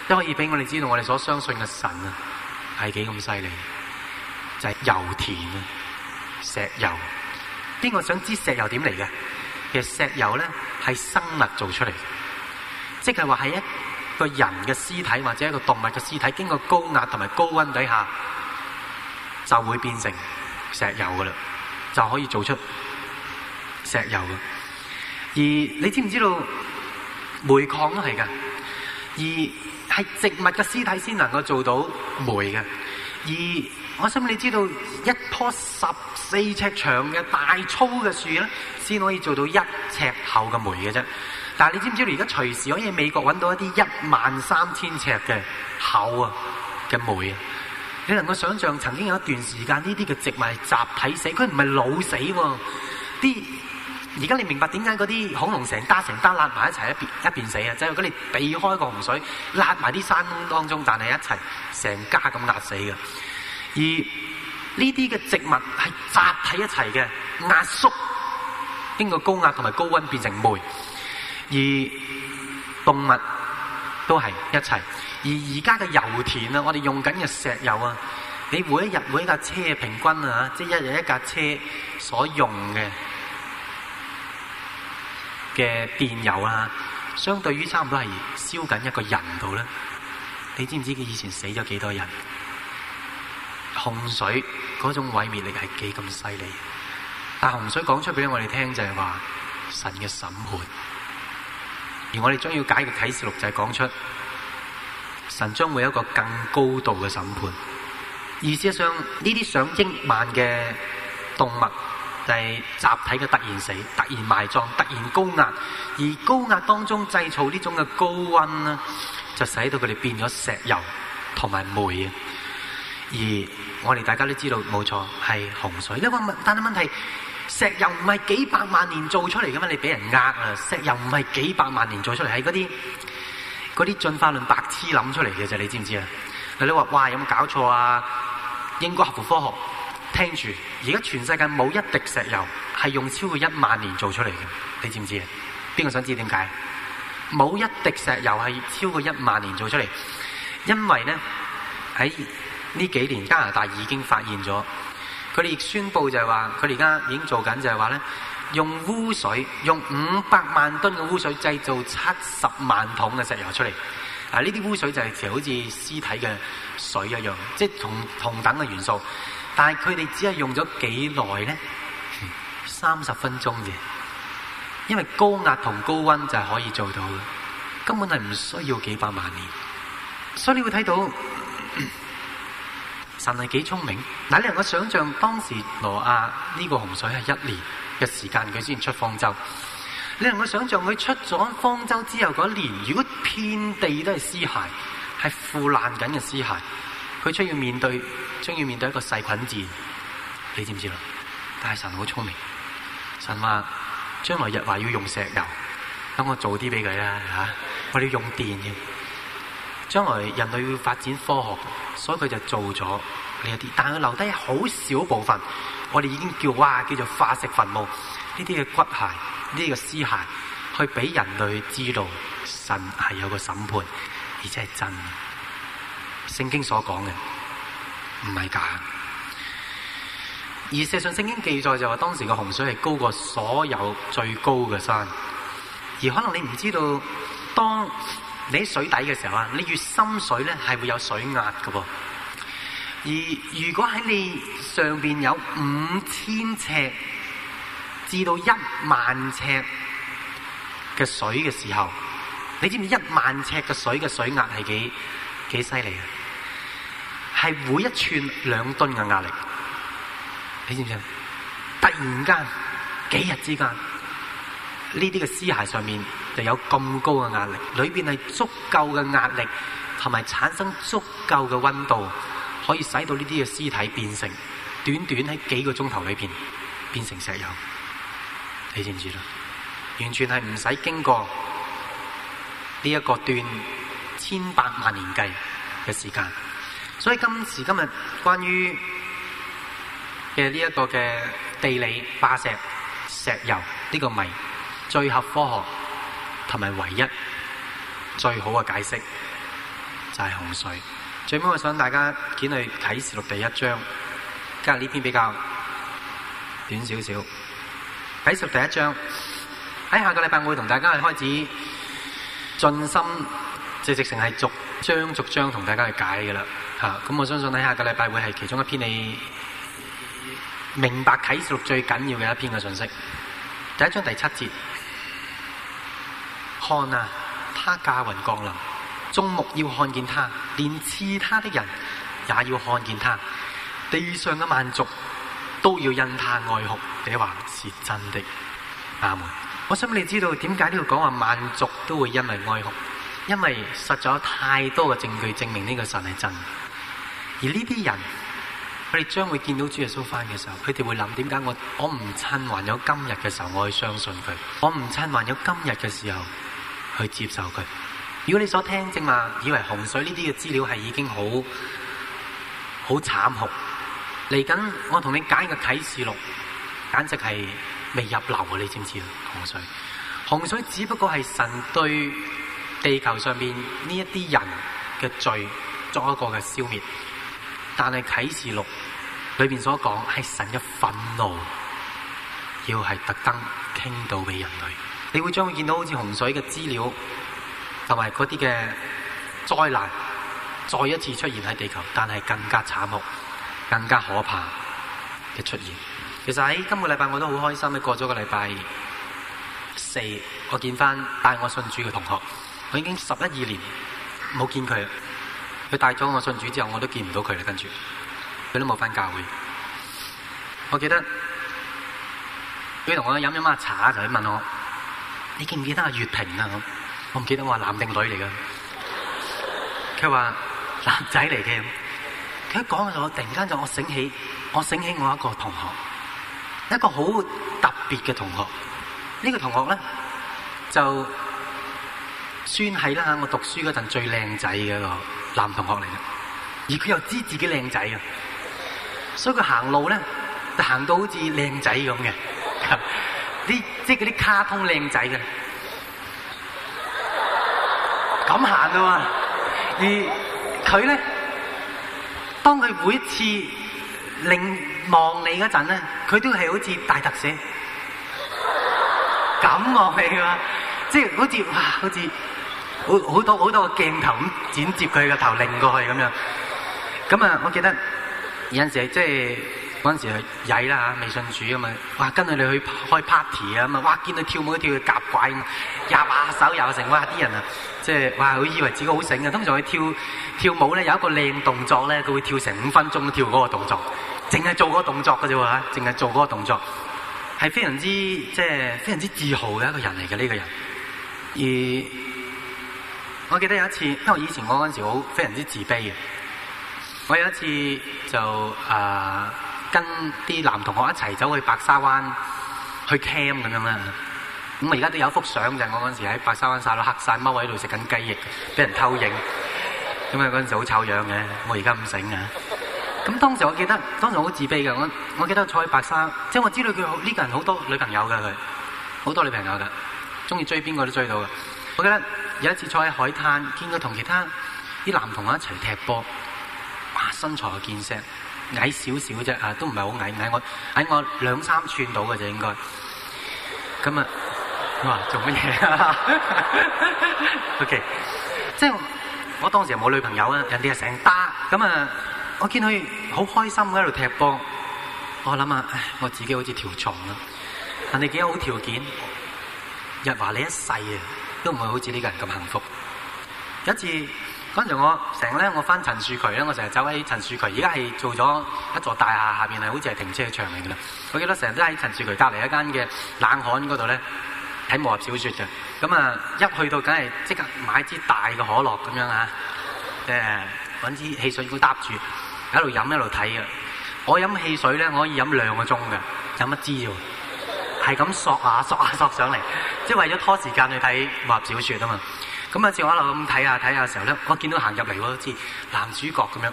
都可以俾我哋知道我哋所相信嘅神啊係幾咁犀利。就係油田啊，石油。邊個想知石油點嚟嘅？其實石油咧係生物做出嚟。即係話，喺一個人嘅屍體或者一個動物嘅屍體經過高壓同埋高温底下，就會變成石油噶啦，就可以做出石油噶。而你知唔知道煤礦都係噶？而係植物嘅屍體先能夠做到煤嘅。而我諗你知道一棵十四尺長嘅大粗嘅樹咧，先可以做到一尺厚嘅煤嘅啫。但係你知唔知？你而家隨時可以喺美國揾到一啲一萬三千尺嘅厚啊嘅煤啊！你能夠想象曾經有一段時間呢啲嘅植物係集體死，佢唔係老死喎。啲而家你明白點解嗰啲恐龍成單成單壓埋一齊一邊一邊死啊？就係佢哋避開個洪水，壓埋啲山窿當中，但係一齊成家咁壓死嘅。而呢啲嘅植物係集體一齊嘅壓縮，經過高壓同埋高溫變成煤。而動物都係一齊，而而家嘅油田啊，我哋用緊嘅石油啊，你每一日每一架車平均啊，即係一日一架車所用嘅嘅電油啊，相對於差唔多係燒緊一個人度啦。你知唔知佢以前死咗幾多人？洪水嗰種毀滅力係幾咁犀利，但洪水講出俾我哋聽就係話神嘅審判。而我哋將要解嘅啟示錄就係講出，神將會有一個更高度嘅審判。而事實上，呢啲上億萬嘅動物就係集體嘅突然死、突然埋葬、突然高壓，而高壓當中製造呢種嘅高溫呢，就使到佢哋變咗石油同埋煤。而我哋大家都知道，冇錯係洪水。不過，但係問題。石油唔係幾百萬年做出嚟噶嘛？你俾人呃啊！石油唔係幾百萬年做出嚟，係嗰啲嗰啲進化論白痴諗出嚟嘅啫。你知唔知啊？你話哇，有冇搞錯啊？應該合乎科學。聽住，而家全世界冇一滴石油係用超過一萬年做出嚟嘅。你知唔知啊？邊個想知點解？冇一滴石油係超過一萬年做出嚟，因為咧喺呢幾年加拿大已經發現咗。佢哋亦宣布就係話，佢哋而家已經做緊就係話咧，用污水用五百萬噸嘅污水製造七十萬桶嘅石油出嚟。啊，呢啲污水就係其實好似屍體嘅水一樣，即係同同等嘅元素。但係佢哋只係用咗幾耐咧？嗯，三十分鐘嘅，因為高壓同高温就係可以做到嘅，根本係唔需要幾百萬年。所以你會睇到。嗯神係幾聰明？嗱，你能夠想象當時羅亞呢個洪水係一年嘅時間佢先出方舟。你能夠想象佢出咗方舟之後嗰一年，如果遍地都係屍骸，係腐爛緊嘅屍骸，佢出要面對，將要面對一個細菌戰。你知唔知啦？但係神好聰明，神話將來日話要用石油，等我做啲俾佢啦吓。我哋要用電嘅，將來人類要發展科學。所以佢就做咗呢一啲，但係佢留低好少部分，我哋已經叫哇叫做化石墳墓，呢啲嘅骨骸，呢啲嘅屍骸，去俾人類知道神係有個審判，而且係真。聖經所講嘅唔係假，而世上聖經記載就話當時個洪水係高過所有最高嘅山，而可能你唔知道當。你喺水底嘅時候你越深水咧，係會有水壓嘅噃。而如果喺你上面有五千尺至到一萬尺嘅水嘅時候，你知唔知一萬尺嘅水嘅水壓係幾幾犀利啊？係每一寸兩噸嘅壓力，你知唔知啊？突然間幾日之間。呢啲嘅屍骸上面就有咁高嘅壓力，裏邊係足夠嘅壓力，同埋產生足夠嘅温度，可以使到呢啲嘅屍體變成短短喺幾個鐘頭裏邊變成石油。你知唔知啦？完全係唔使經過呢一個段千百萬年計嘅時間。所以今時今日關於嘅呢一個嘅地理化石石油呢個謎。最合科學同埋唯一最好嘅解釋就係、是、洪水。最尾我想大家見去啟示錄第一章，今日呢篇比較短少少，啟示錄第一章。喺下個禮拜，我會同大家開始進心，即直情係逐章逐章同大家去解嘅啦。嚇、嗯，咁我相信喺下個禮拜會係其中一篇你明白啟示錄最緊要嘅一篇嘅信息。第一章第七節。看啊！他駕雲降臨，眾目要看見他，連刺他的人也要看見他，地上嘅萬族都要因他哀哭。你話是真的，阿門！我想你知道點解呢度講話萬族都會因為哀哭，因為實在有太多嘅證據證明呢個神係真。而呢啲人，佢哋將會見到主耶穌翻嘅時候，佢哋會諗：點解我我唔趁還有今日嘅時候我去相信佢？我唔趁還有今日嘅時候。去接受佢。如果你所聽，正話以為洪水呢啲嘅資料係已經好好慘酷，嚟緊我同你揀個啟示錄簡直係未入流啊！你知唔知啊？洪水，洪水只不過係神對地球上面呢一啲人嘅罪作一個嘅消滅，但係啟示錄裏邊所講係神嘅憤怒，要係特登傾到俾人類。你會將會見到好似洪水嘅資料，同埋嗰啲嘅災難，再一次出現喺地球，但係更加慘酷、更加可怕嘅出現。其實喺今個禮拜我都好開心，呢過咗個禮拜四，我見翻帶我信主嘅同學，我已經十一二年冇見佢，佢帶咗我信主之後，我都見唔到佢啦。跟住佢都冇翻教會，我記得佢同我飲飲下茶，就喺問我。你記唔記得阿月平啊？我唔記得我，我係男定女嚟噶？佢話男仔嚟嘅。佢一講嘅時候就我突然間就我醒起，我醒起我一個同學，一個好特別嘅同學。呢、呢個同學咧就算係啦，我讀書嗰陣最靚仔嘅個男同學嚟嘅，而佢又知自己靚仔啊，所以佢行路咧就行到好似靚仔咁嘅。 <laughs> 啲即係嗰啲卡通靚仔嘅，咁行啊嘛！而佢咧，當佢每一次擰望你嗰陣咧，佢都係好似大特寫，咁望你嘅，即係好似哇，好似好好多好多個鏡頭咁剪接佢個頭擰過去咁樣。咁啊，我記得有陣時即係。嗰陣時係曳啦嚇，未信主啊嘛，哇跟住你去開 party 啊嘛，哇見佢跳舞跳到夾鬼，廿下手又成，哇啲人啊，即係哇佢以為自己好醒啊，通常佢跳跳舞咧有一個靚動作咧，佢會跳成五分鐘都跳嗰個動作，淨係做嗰個動作嘅啫喎，啊，淨係做嗰個動作，係非常之即係非常之自豪嘅一個人嚟嘅呢個人。而我記得有一次，因為以前我嗰陣時好非常之自卑嘅，我有一次就啊～、呃跟啲男同學一齊走去白沙灣去 camp 咁樣啦，咁啊我而家都有幅相，就係我嗰陣時喺白沙灣曬到黑晒，踎喺度食緊雞翼，俾人偷影。咁啊嗰陣時好醜樣嘅，我而家唔醒啊。咁當時我記得，當時我好自卑嘅。我我記得坐喺白沙，即係我知道佢呢個人好多女朋友嘅佢，好多女朋友嘅，中意追邊個都追到嘅。我記得有一次坐喺海灘，見佢同其他啲男同學一齊踢波，哇身材又健碩。矮少少啫，啊，都唔係好矮矮我，矮我兩三寸到嘅啫應該。咁啊，佢話做乜嘢、啊、 <laughs> ？OK，即係我當時冇女朋友啊，人哋係成打，咁啊，我見佢好開心喺度踢波，我諗啊唉，我自己好似條蟲啊，但你幾好條件，日華你一世啊，都唔會好似呢個人咁幸福。有一次。嗰陣我成日咧，我翻陳樹渠咧，我成日走喺陳樹渠。而家係做咗一座大廈，下邊係好似係停車場嚟㗎啦。我記得成日都喺陳樹渠隔離一間嘅冷巷嗰度咧睇武俠小説嘅。咁啊，一去到梗係即刻買支大嘅可樂咁樣嚇，誒揾支汽水要搭住喺度飲喺度睇啊！我飲汽水咧，我可以飲兩個鐘嘅，飲一支啫，係咁索下索下索上嚟，即係為咗拖時間去睇武俠小説啊嘛。咁啊，似我嗱咁睇下睇下嘅時候咧，我見到行入嚟喎，好似男主角咁樣。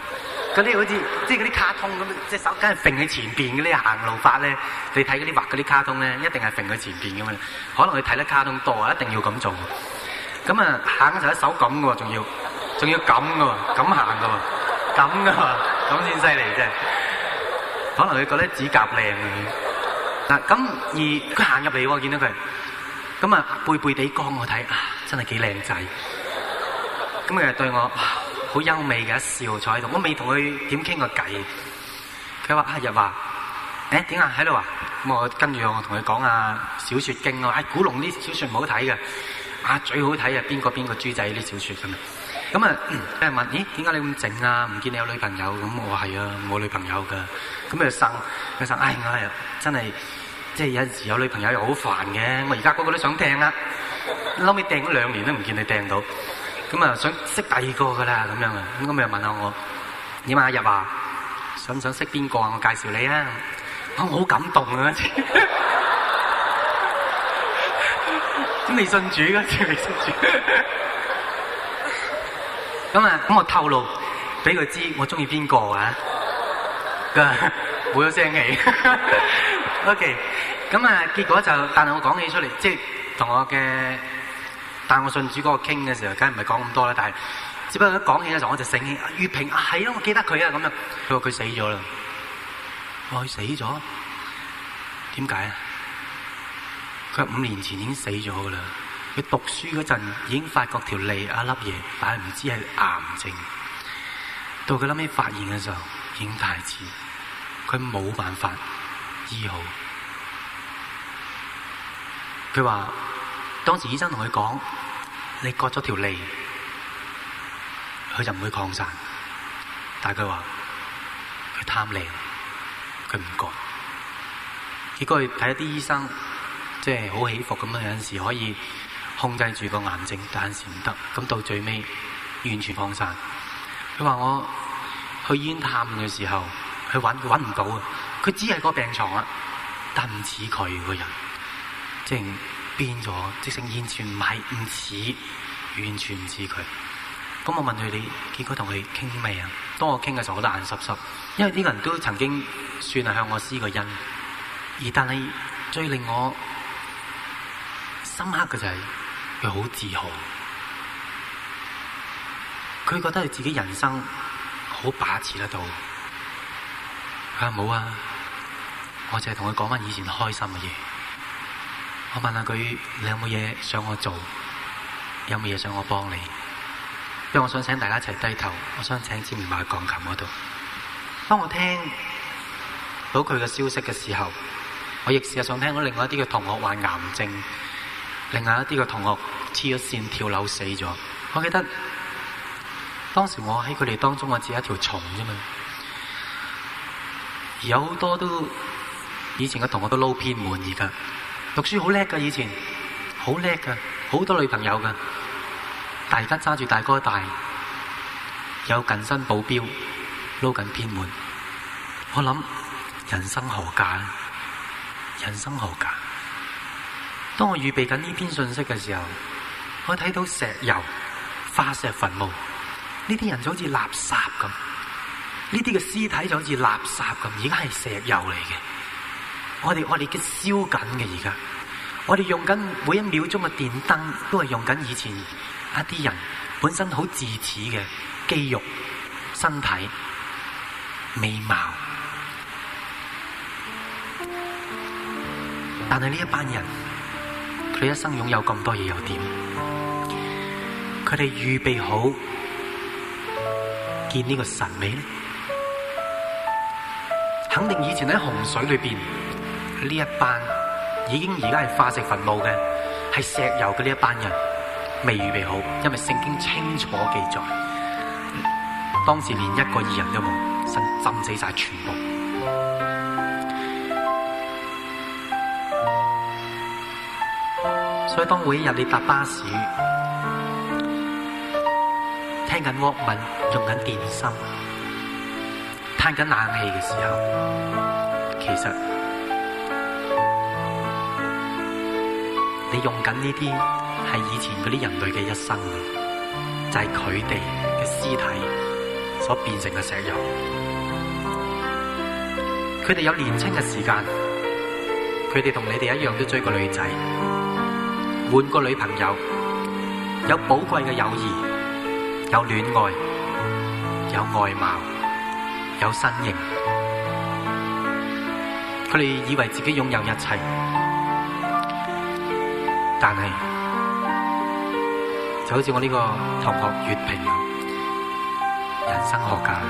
嗰啲好似即係嗰啲卡通咁，即係手梗係揈喺前邊嘅呢行路法咧。你睇嗰啲畫嗰啲卡通咧，一定係揈喺前邊咁樣。可能你睇得卡通多啊，一定要咁做。咁啊行嘅時候手咁㗎喎，仲要仲要咁㗎喎，咁行㗎喎，咁㗎嘛，咁先犀利啫。可能佢覺得指甲靚啊？嗱咁而佢行入嚟喎，見到佢咁啊，背背地光我睇。真係幾靚仔，咁佢就對我好優美嘅一笑坐喺度，我未同佢點傾過偈。佢話啊日話，誒點啊喺度啊，咁我跟住我同佢講啊小説經啊，古龍啲小説唔好睇嘅，啊最好睇啊邊個邊個豬仔啲小説咁、嗯哎、啊，咁啊有人問咦點解你咁整啊？唔見你有女朋友咁，我係啊冇女朋友㗎，咁佢就呻佢就呻，唉唉真係即係有陣時有女朋友又好煩嘅，我而家個個都想聽啦。撈尾掟咗兩年都唔見你掟到，咁啊想識第二個噶啦咁樣啊，咁我咪又問下我，點啊入啊，想唔想識邊個啊？我介紹你啊！我好感動啊！咁你 <laughs> 信主噶、啊？咁你信主？咁啊咁我透露俾佢知我中意邊個啊？噶冇咗聲氣。 <laughs> OK，咁啊結果就但係我講起出嚟，即係同我嘅。但我信主嗰個傾嘅時候，梗係唔係講咁多啦。但係只不過一講起嘅時候，我就醒起：啊，月平係啊，我記得佢啊，咁樣。佢話佢死咗啦，愛、哦、死咗。點解啊？佢五年前已經死咗噶啦。佢讀書嗰陣已經發覺條脷一粒嘢，但係唔知係癌症。到佢臨尾發現嘅時候已經太遲，佢冇辦法醫好。佢話。當時醫生同佢講：你割咗條脷，佢就唔會擴散。但係佢話佢貪靚，佢唔割。結果佢睇一啲醫生，即係好起伏咁樣，有陣時可以控制住個癌症，但係暫時唔得。咁到最尾完全擴散。佢話我去醫院探嘅時候，去搵佢搵唔到啊。佢只係個病床啊，但唔似佢個人，即係。變咗，即成完全唔係，唔似，完全唔似佢。咁我問佢你，結果同佢傾咩啊？當我傾嘅時候，我都眼濕濕，因為呢個人都曾經算係向我施個恩。而但係最令我深刻嘅就係佢好自豪，佢覺得係自己人生好把持得到。佢話冇啊，我淨係同佢講翻以前開心嘅嘢。.我問下佢，你有冇嘢想我做？有冇嘢想我幫你？因為我想請大家一齊低頭，我想請芝麻買鋼琴嗰度。當我聽到佢嘅消息嘅時候，我亦試下想聽到另外一啲嘅同學患癌症，另外一啲嘅同學黐咗線，跳樓死咗。我記得當時我喺佢哋當中，我只係一條蟲啫嘛。而有好多都以前嘅同學都撈偏門而家。讀書好叻噶，以前好叻噶，好多女朋友噶，大家揸住大哥大，有近身保鏢，撈緊偏門。我諗人生何解？人生何解？當我預備緊呢篇信息嘅時候，我睇到石油、化石墳墓，呢啲人就好似垃圾咁，呢啲嘅屍體就好似垃圾咁，已經係石油嚟嘅。我哋我哋嘅燒緊嘅而家，我哋用緊每一秒鐘嘅電燈，都係用緊以前一啲人本身好自恃嘅肌肉、身體、美貌。但係呢一班人，佢一生擁有咁多嘢又點？佢哋預備好見呢個神美咧？肯定以前喺洪水裏邊。呢一班已經而家係化石墳墓嘅，係石油嘅呢一班人未預備好，因為聖經清楚記載，當時連一個義人都冇，浸死晒全部。所以當每一日你搭巴士，聽緊 Walkman，用緊電芯，嘆緊冷氣嘅時候，其實，你用緊呢啲係以前嗰啲人類嘅一生，就係佢哋嘅屍體所變成嘅石油。佢哋有年輕嘅時間，佢哋同你哋一樣都追過女仔，換過女朋友，有寶貴嘅友誼，有戀愛，有外貌，有身形。佢哋以為自己擁有一切。但係，就好似我呢個同學月平，人生學家，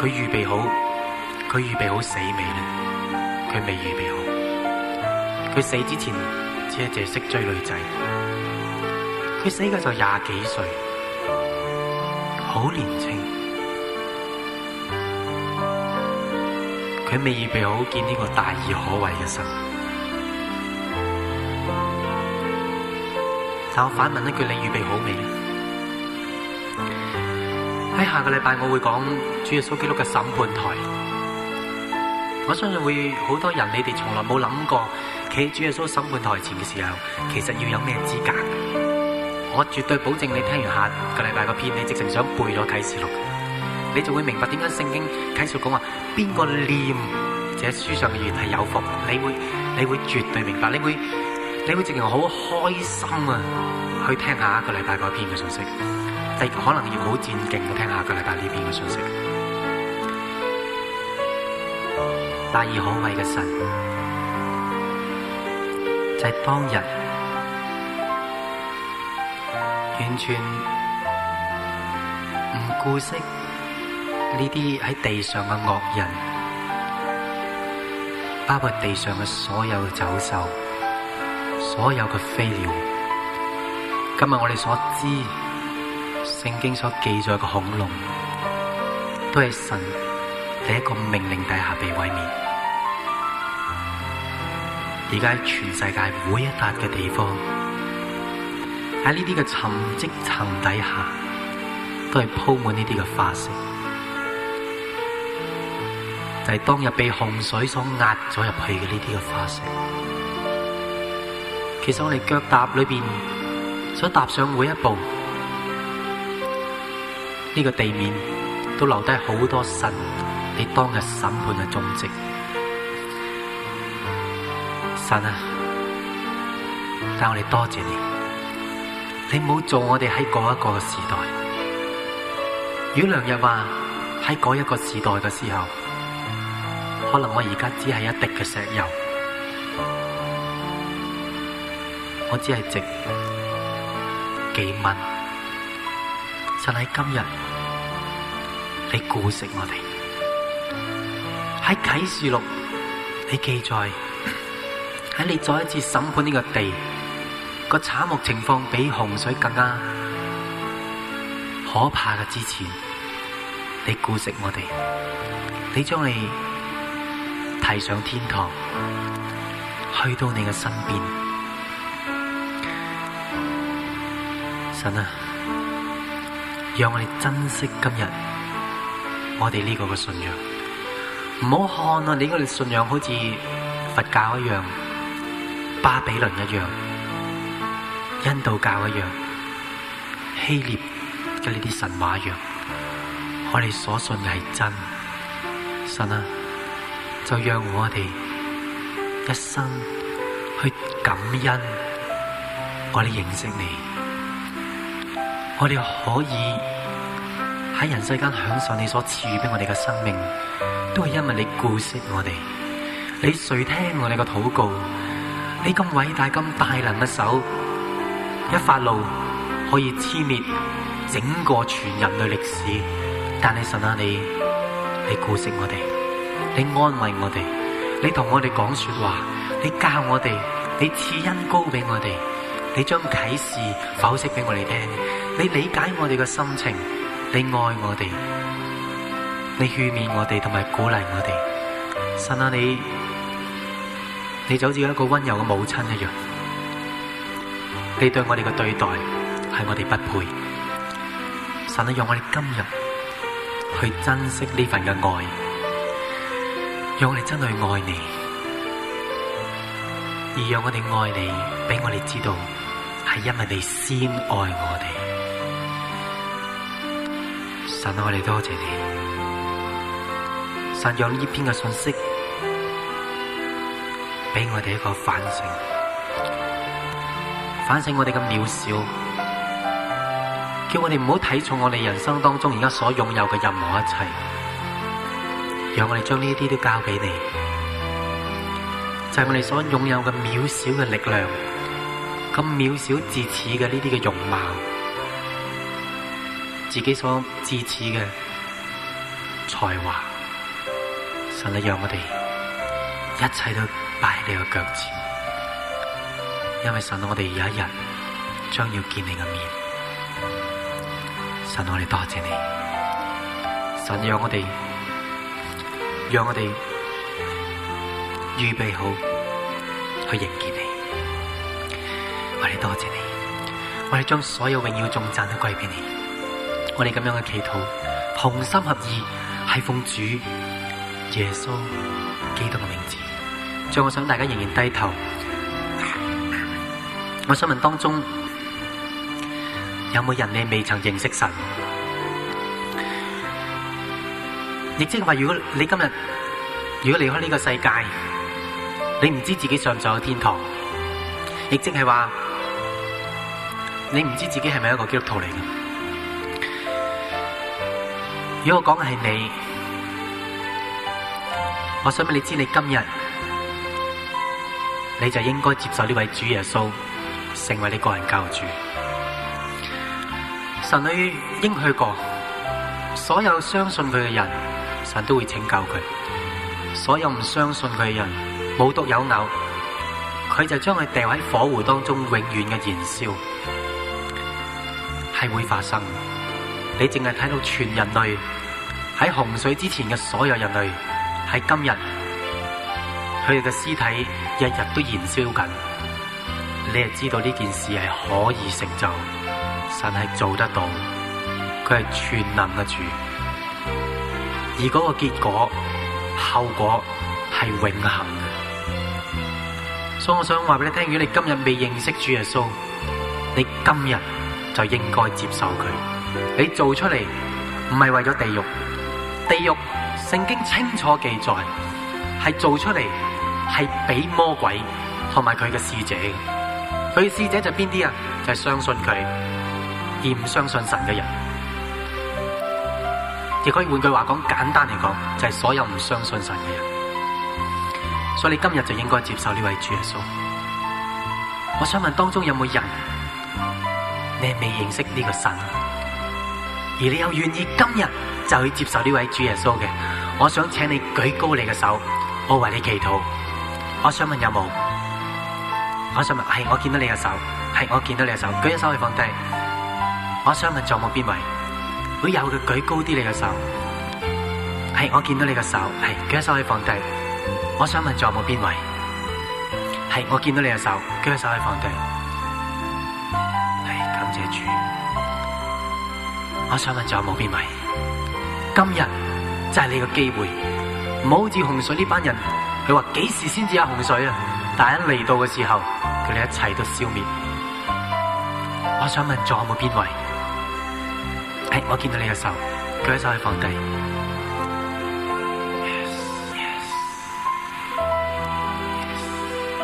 佢預備好，佢預備好死未呢？佢未預備好。佢死之前只係淨係識追女仔，佢死嘅就廿幾歲，好年輕。佢未預備好見呢個大而可畏嘅神。但我反問一句：你預備好未？喺、哎、下個禮拜，我會講主耶穌基督嘅審判台。我相信會好多人，你哋從來冇諗過企主耶穌審判台前嘅時候，其實要有咩資格？我絕對保證你聽完下個禮拜個片，你直情想背咗啟示錄。你就會明白點解聖經啟示講話邊個念這書上嘅言係有福。你會，你會絕對明白。你會。你會淨係好開心啊，去聽下一個禮拜嗰篇嘅信息，但可能要好戰勁嘅聽下個禮拜呢篇嘅信息。大而可畏嘅神，就係當日完全唔顧惜呢啲喺地上嘅惡人，包括地上嘅所有嘅走獸。所有嘅飛鳥，今日我哋所知，聖經所記載嘅恐龍，都係神第一個命令底下被毀滅。而家喺全世界每一笪嘅地方，喺呢啲嘅沉積層底下，都係鋪滿呢啲嘅化石，就係、是、當日被洪水所壓咗入去嘅呢啲嘅化石。其實我哋腳踏裏邊，想踏上每一步呢個地面，都留低好多神，你當日審判嘅蹤跡神啊！但我哋多謝你，你冇做我哋喺嗰一個時代。如果良日話喺嗰一個時代嘅時候，可能我而家只係一滴嘅石油。我只係值幾蚊，就喺今日，你顧惜我哋。喺啟示錄，你記載喺你再一次審判呢個地，個慘目情況比洪水更加可怕嘅之前，你顧惜我哋，你將你提上天堂，去到你嘅身邊。神啊！讓我哋珍惜今日我哋呢個嘅信仰，唔好看啊！你我哋信仰好似佛教一樣、巴比倫一樣、印度教一樣、希臘嘅呢啲神話一樣，我哋所信嘅係真，神啊！就讓我哋一生去感恩，我哋認識你。我哋可以喺人世間享受你所賜予俾我哋嘅生命，都係因為你顧惜我哋。你垂聽我哋嘅禱告，你咁偉大咁大能嘅手，一發怒可以殲滅整個全人類歷史。但係神啊你，你你顧惜我哋，你安慰我哋，你同我哋講說話，你教我哋，你賜恩膏俾我哋，你將啟示剖析俾我哋聽。你理解我哋嘅心情，你愛我哋，你勸勉我哋同埋鼓勵我哋，神啊你，你就好似一個溫柔嘅母親一樣，你對我哋嘅對待係我哋不配，神啊讓我哋今日去珍惜呢份嘅愛，讓我哋真係去愛你，而讓我哋愛你，俾我哋知道係因為你先愛我哋。但我哋多謝你，神，讓呢篇嘅信息俾我哋一個反省，反省我哋嘅渺小，叫我哋唔好睇重我哋人生當中而家所擁有嘅任何一切。讓我哋將呢啲都交俾你，就係我哋所擁有嘅渺小嘅力量，咁渺小至此嘅呢啲嘅容貌。自己所自恃嘅才華，神啊，讓我哋一切都擺喺你嘅腳前，因為神，我哋有一日將要見你嘅面。神，我哋多謝你，神你讓我哋，讓我哋預備好去迎見你。我哋多謝你，我哋將所有榮耀重讚都歸俾你。我哋咁樣嘅祈禱，同心合意，係奉主耶穌基督嘅名字。最後我想大家仍然低頭，我想問當中有冇人你未曾認識神？亦即係話，如果你今日如果離開呢個世界，你唔知自己上唔上天堂？亦即係話，你唔知自己係咪一個基督徒嚟嘅？如果我講嘅係你，我想俾你知，你今日你就應該接受呢位主耶穌，成為你個人教主。神佢應許過，所有相信佢嘅人，神都會拯救佢，所有唔相信佢嘅人，無獨有偶，佢就將佢掟喺火湖當中，永遠嘅燃燒，係會發生。你淨係睇到全人類。喺洪水之前嘅所有人類，喺今日，佢哋嘅屍體日日都燃燒緊。你係知道呢件事係可以成就，神係做得到，佢係全能嘅主。而嗰個結果，後果係永恒嘅。所以我想話俾你聽，如果你今日未認識主耶穌，你今日就應該接受佢。你做出嚟，唔係為咗地獄。地獄聖經清楚記載，係做出嚟，係俾魔鬼同埋佢嘅使者。佢嘅使者就邊啲啊？就係相信佢而唔相信神嘅人。亦可以換句話講，簡單嚟講，就係所有唔相信神嘅人。所以你今日就應該接受呢位主耶穌。我想問當中有冇人你係未認識呢個神？而你又願意今日就去接受呢位主耶穌嘅，我想請你舉高你嘅手，我為你祈禱。我想問有冇？我想問，係我見到你嘅手，係我見到你嘅手，舉一手可以放低。我想問仲有冇邊位，如果有佢舉高啲你嘅手，係我見到你嘅手，係舉一手可以放低。我想問仲有冇邊位，係我見到你嘅手，舉一手可以放低。我想問仲有冇邊位？今日就係你個機會，唔好好似洪水呢班人，佢話幾時先至有洪水啊！但一嚟到嘅時候，佢哋一切都消滅。我想問仲有冇邊位？係、哎、我見到你嘅手佢舉手喺放低，Yes, yes, yes.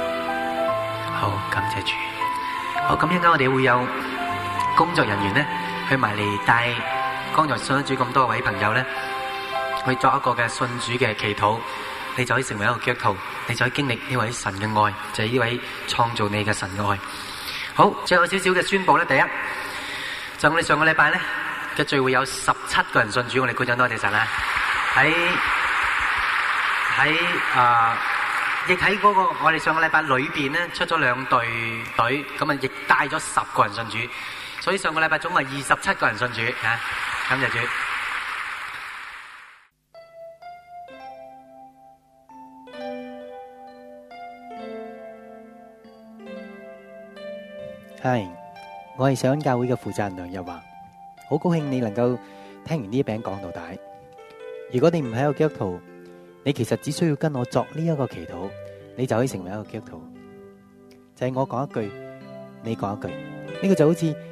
好感謝主。好咁，一陣間我哋會有工作人員咧。去埋嚟帶剛才信主咁多位朋友咧，去作一個嘅信主嘅祈禱，你就可以成為一個基督徒，你就可以經歷呢位神嘅愛，就係呢位創造你嘅神嘅愛。好，最後少少嘅宣佈咧，第一就我哋上個禮拜咧嘅聚會有十七個人信主，我哋鼓掌多謝曬。喺喺啊，亦喺嗰個我哋上個禮拜裏邊咧出咗兩隊隊，咁啊亦帶咗十個人信主。所以上個禮拜總共二十七個人信主啊！感謝主。係，我係上恩教會嘅負責人梁日華，好高興你能夠聽完呢一餅講到底。如果你唔係一個基督徒，你其實只需要跟我作呢一個祈禱，你就可以成為一個基督徒。就係我講一句，你講一句，呢個就好似。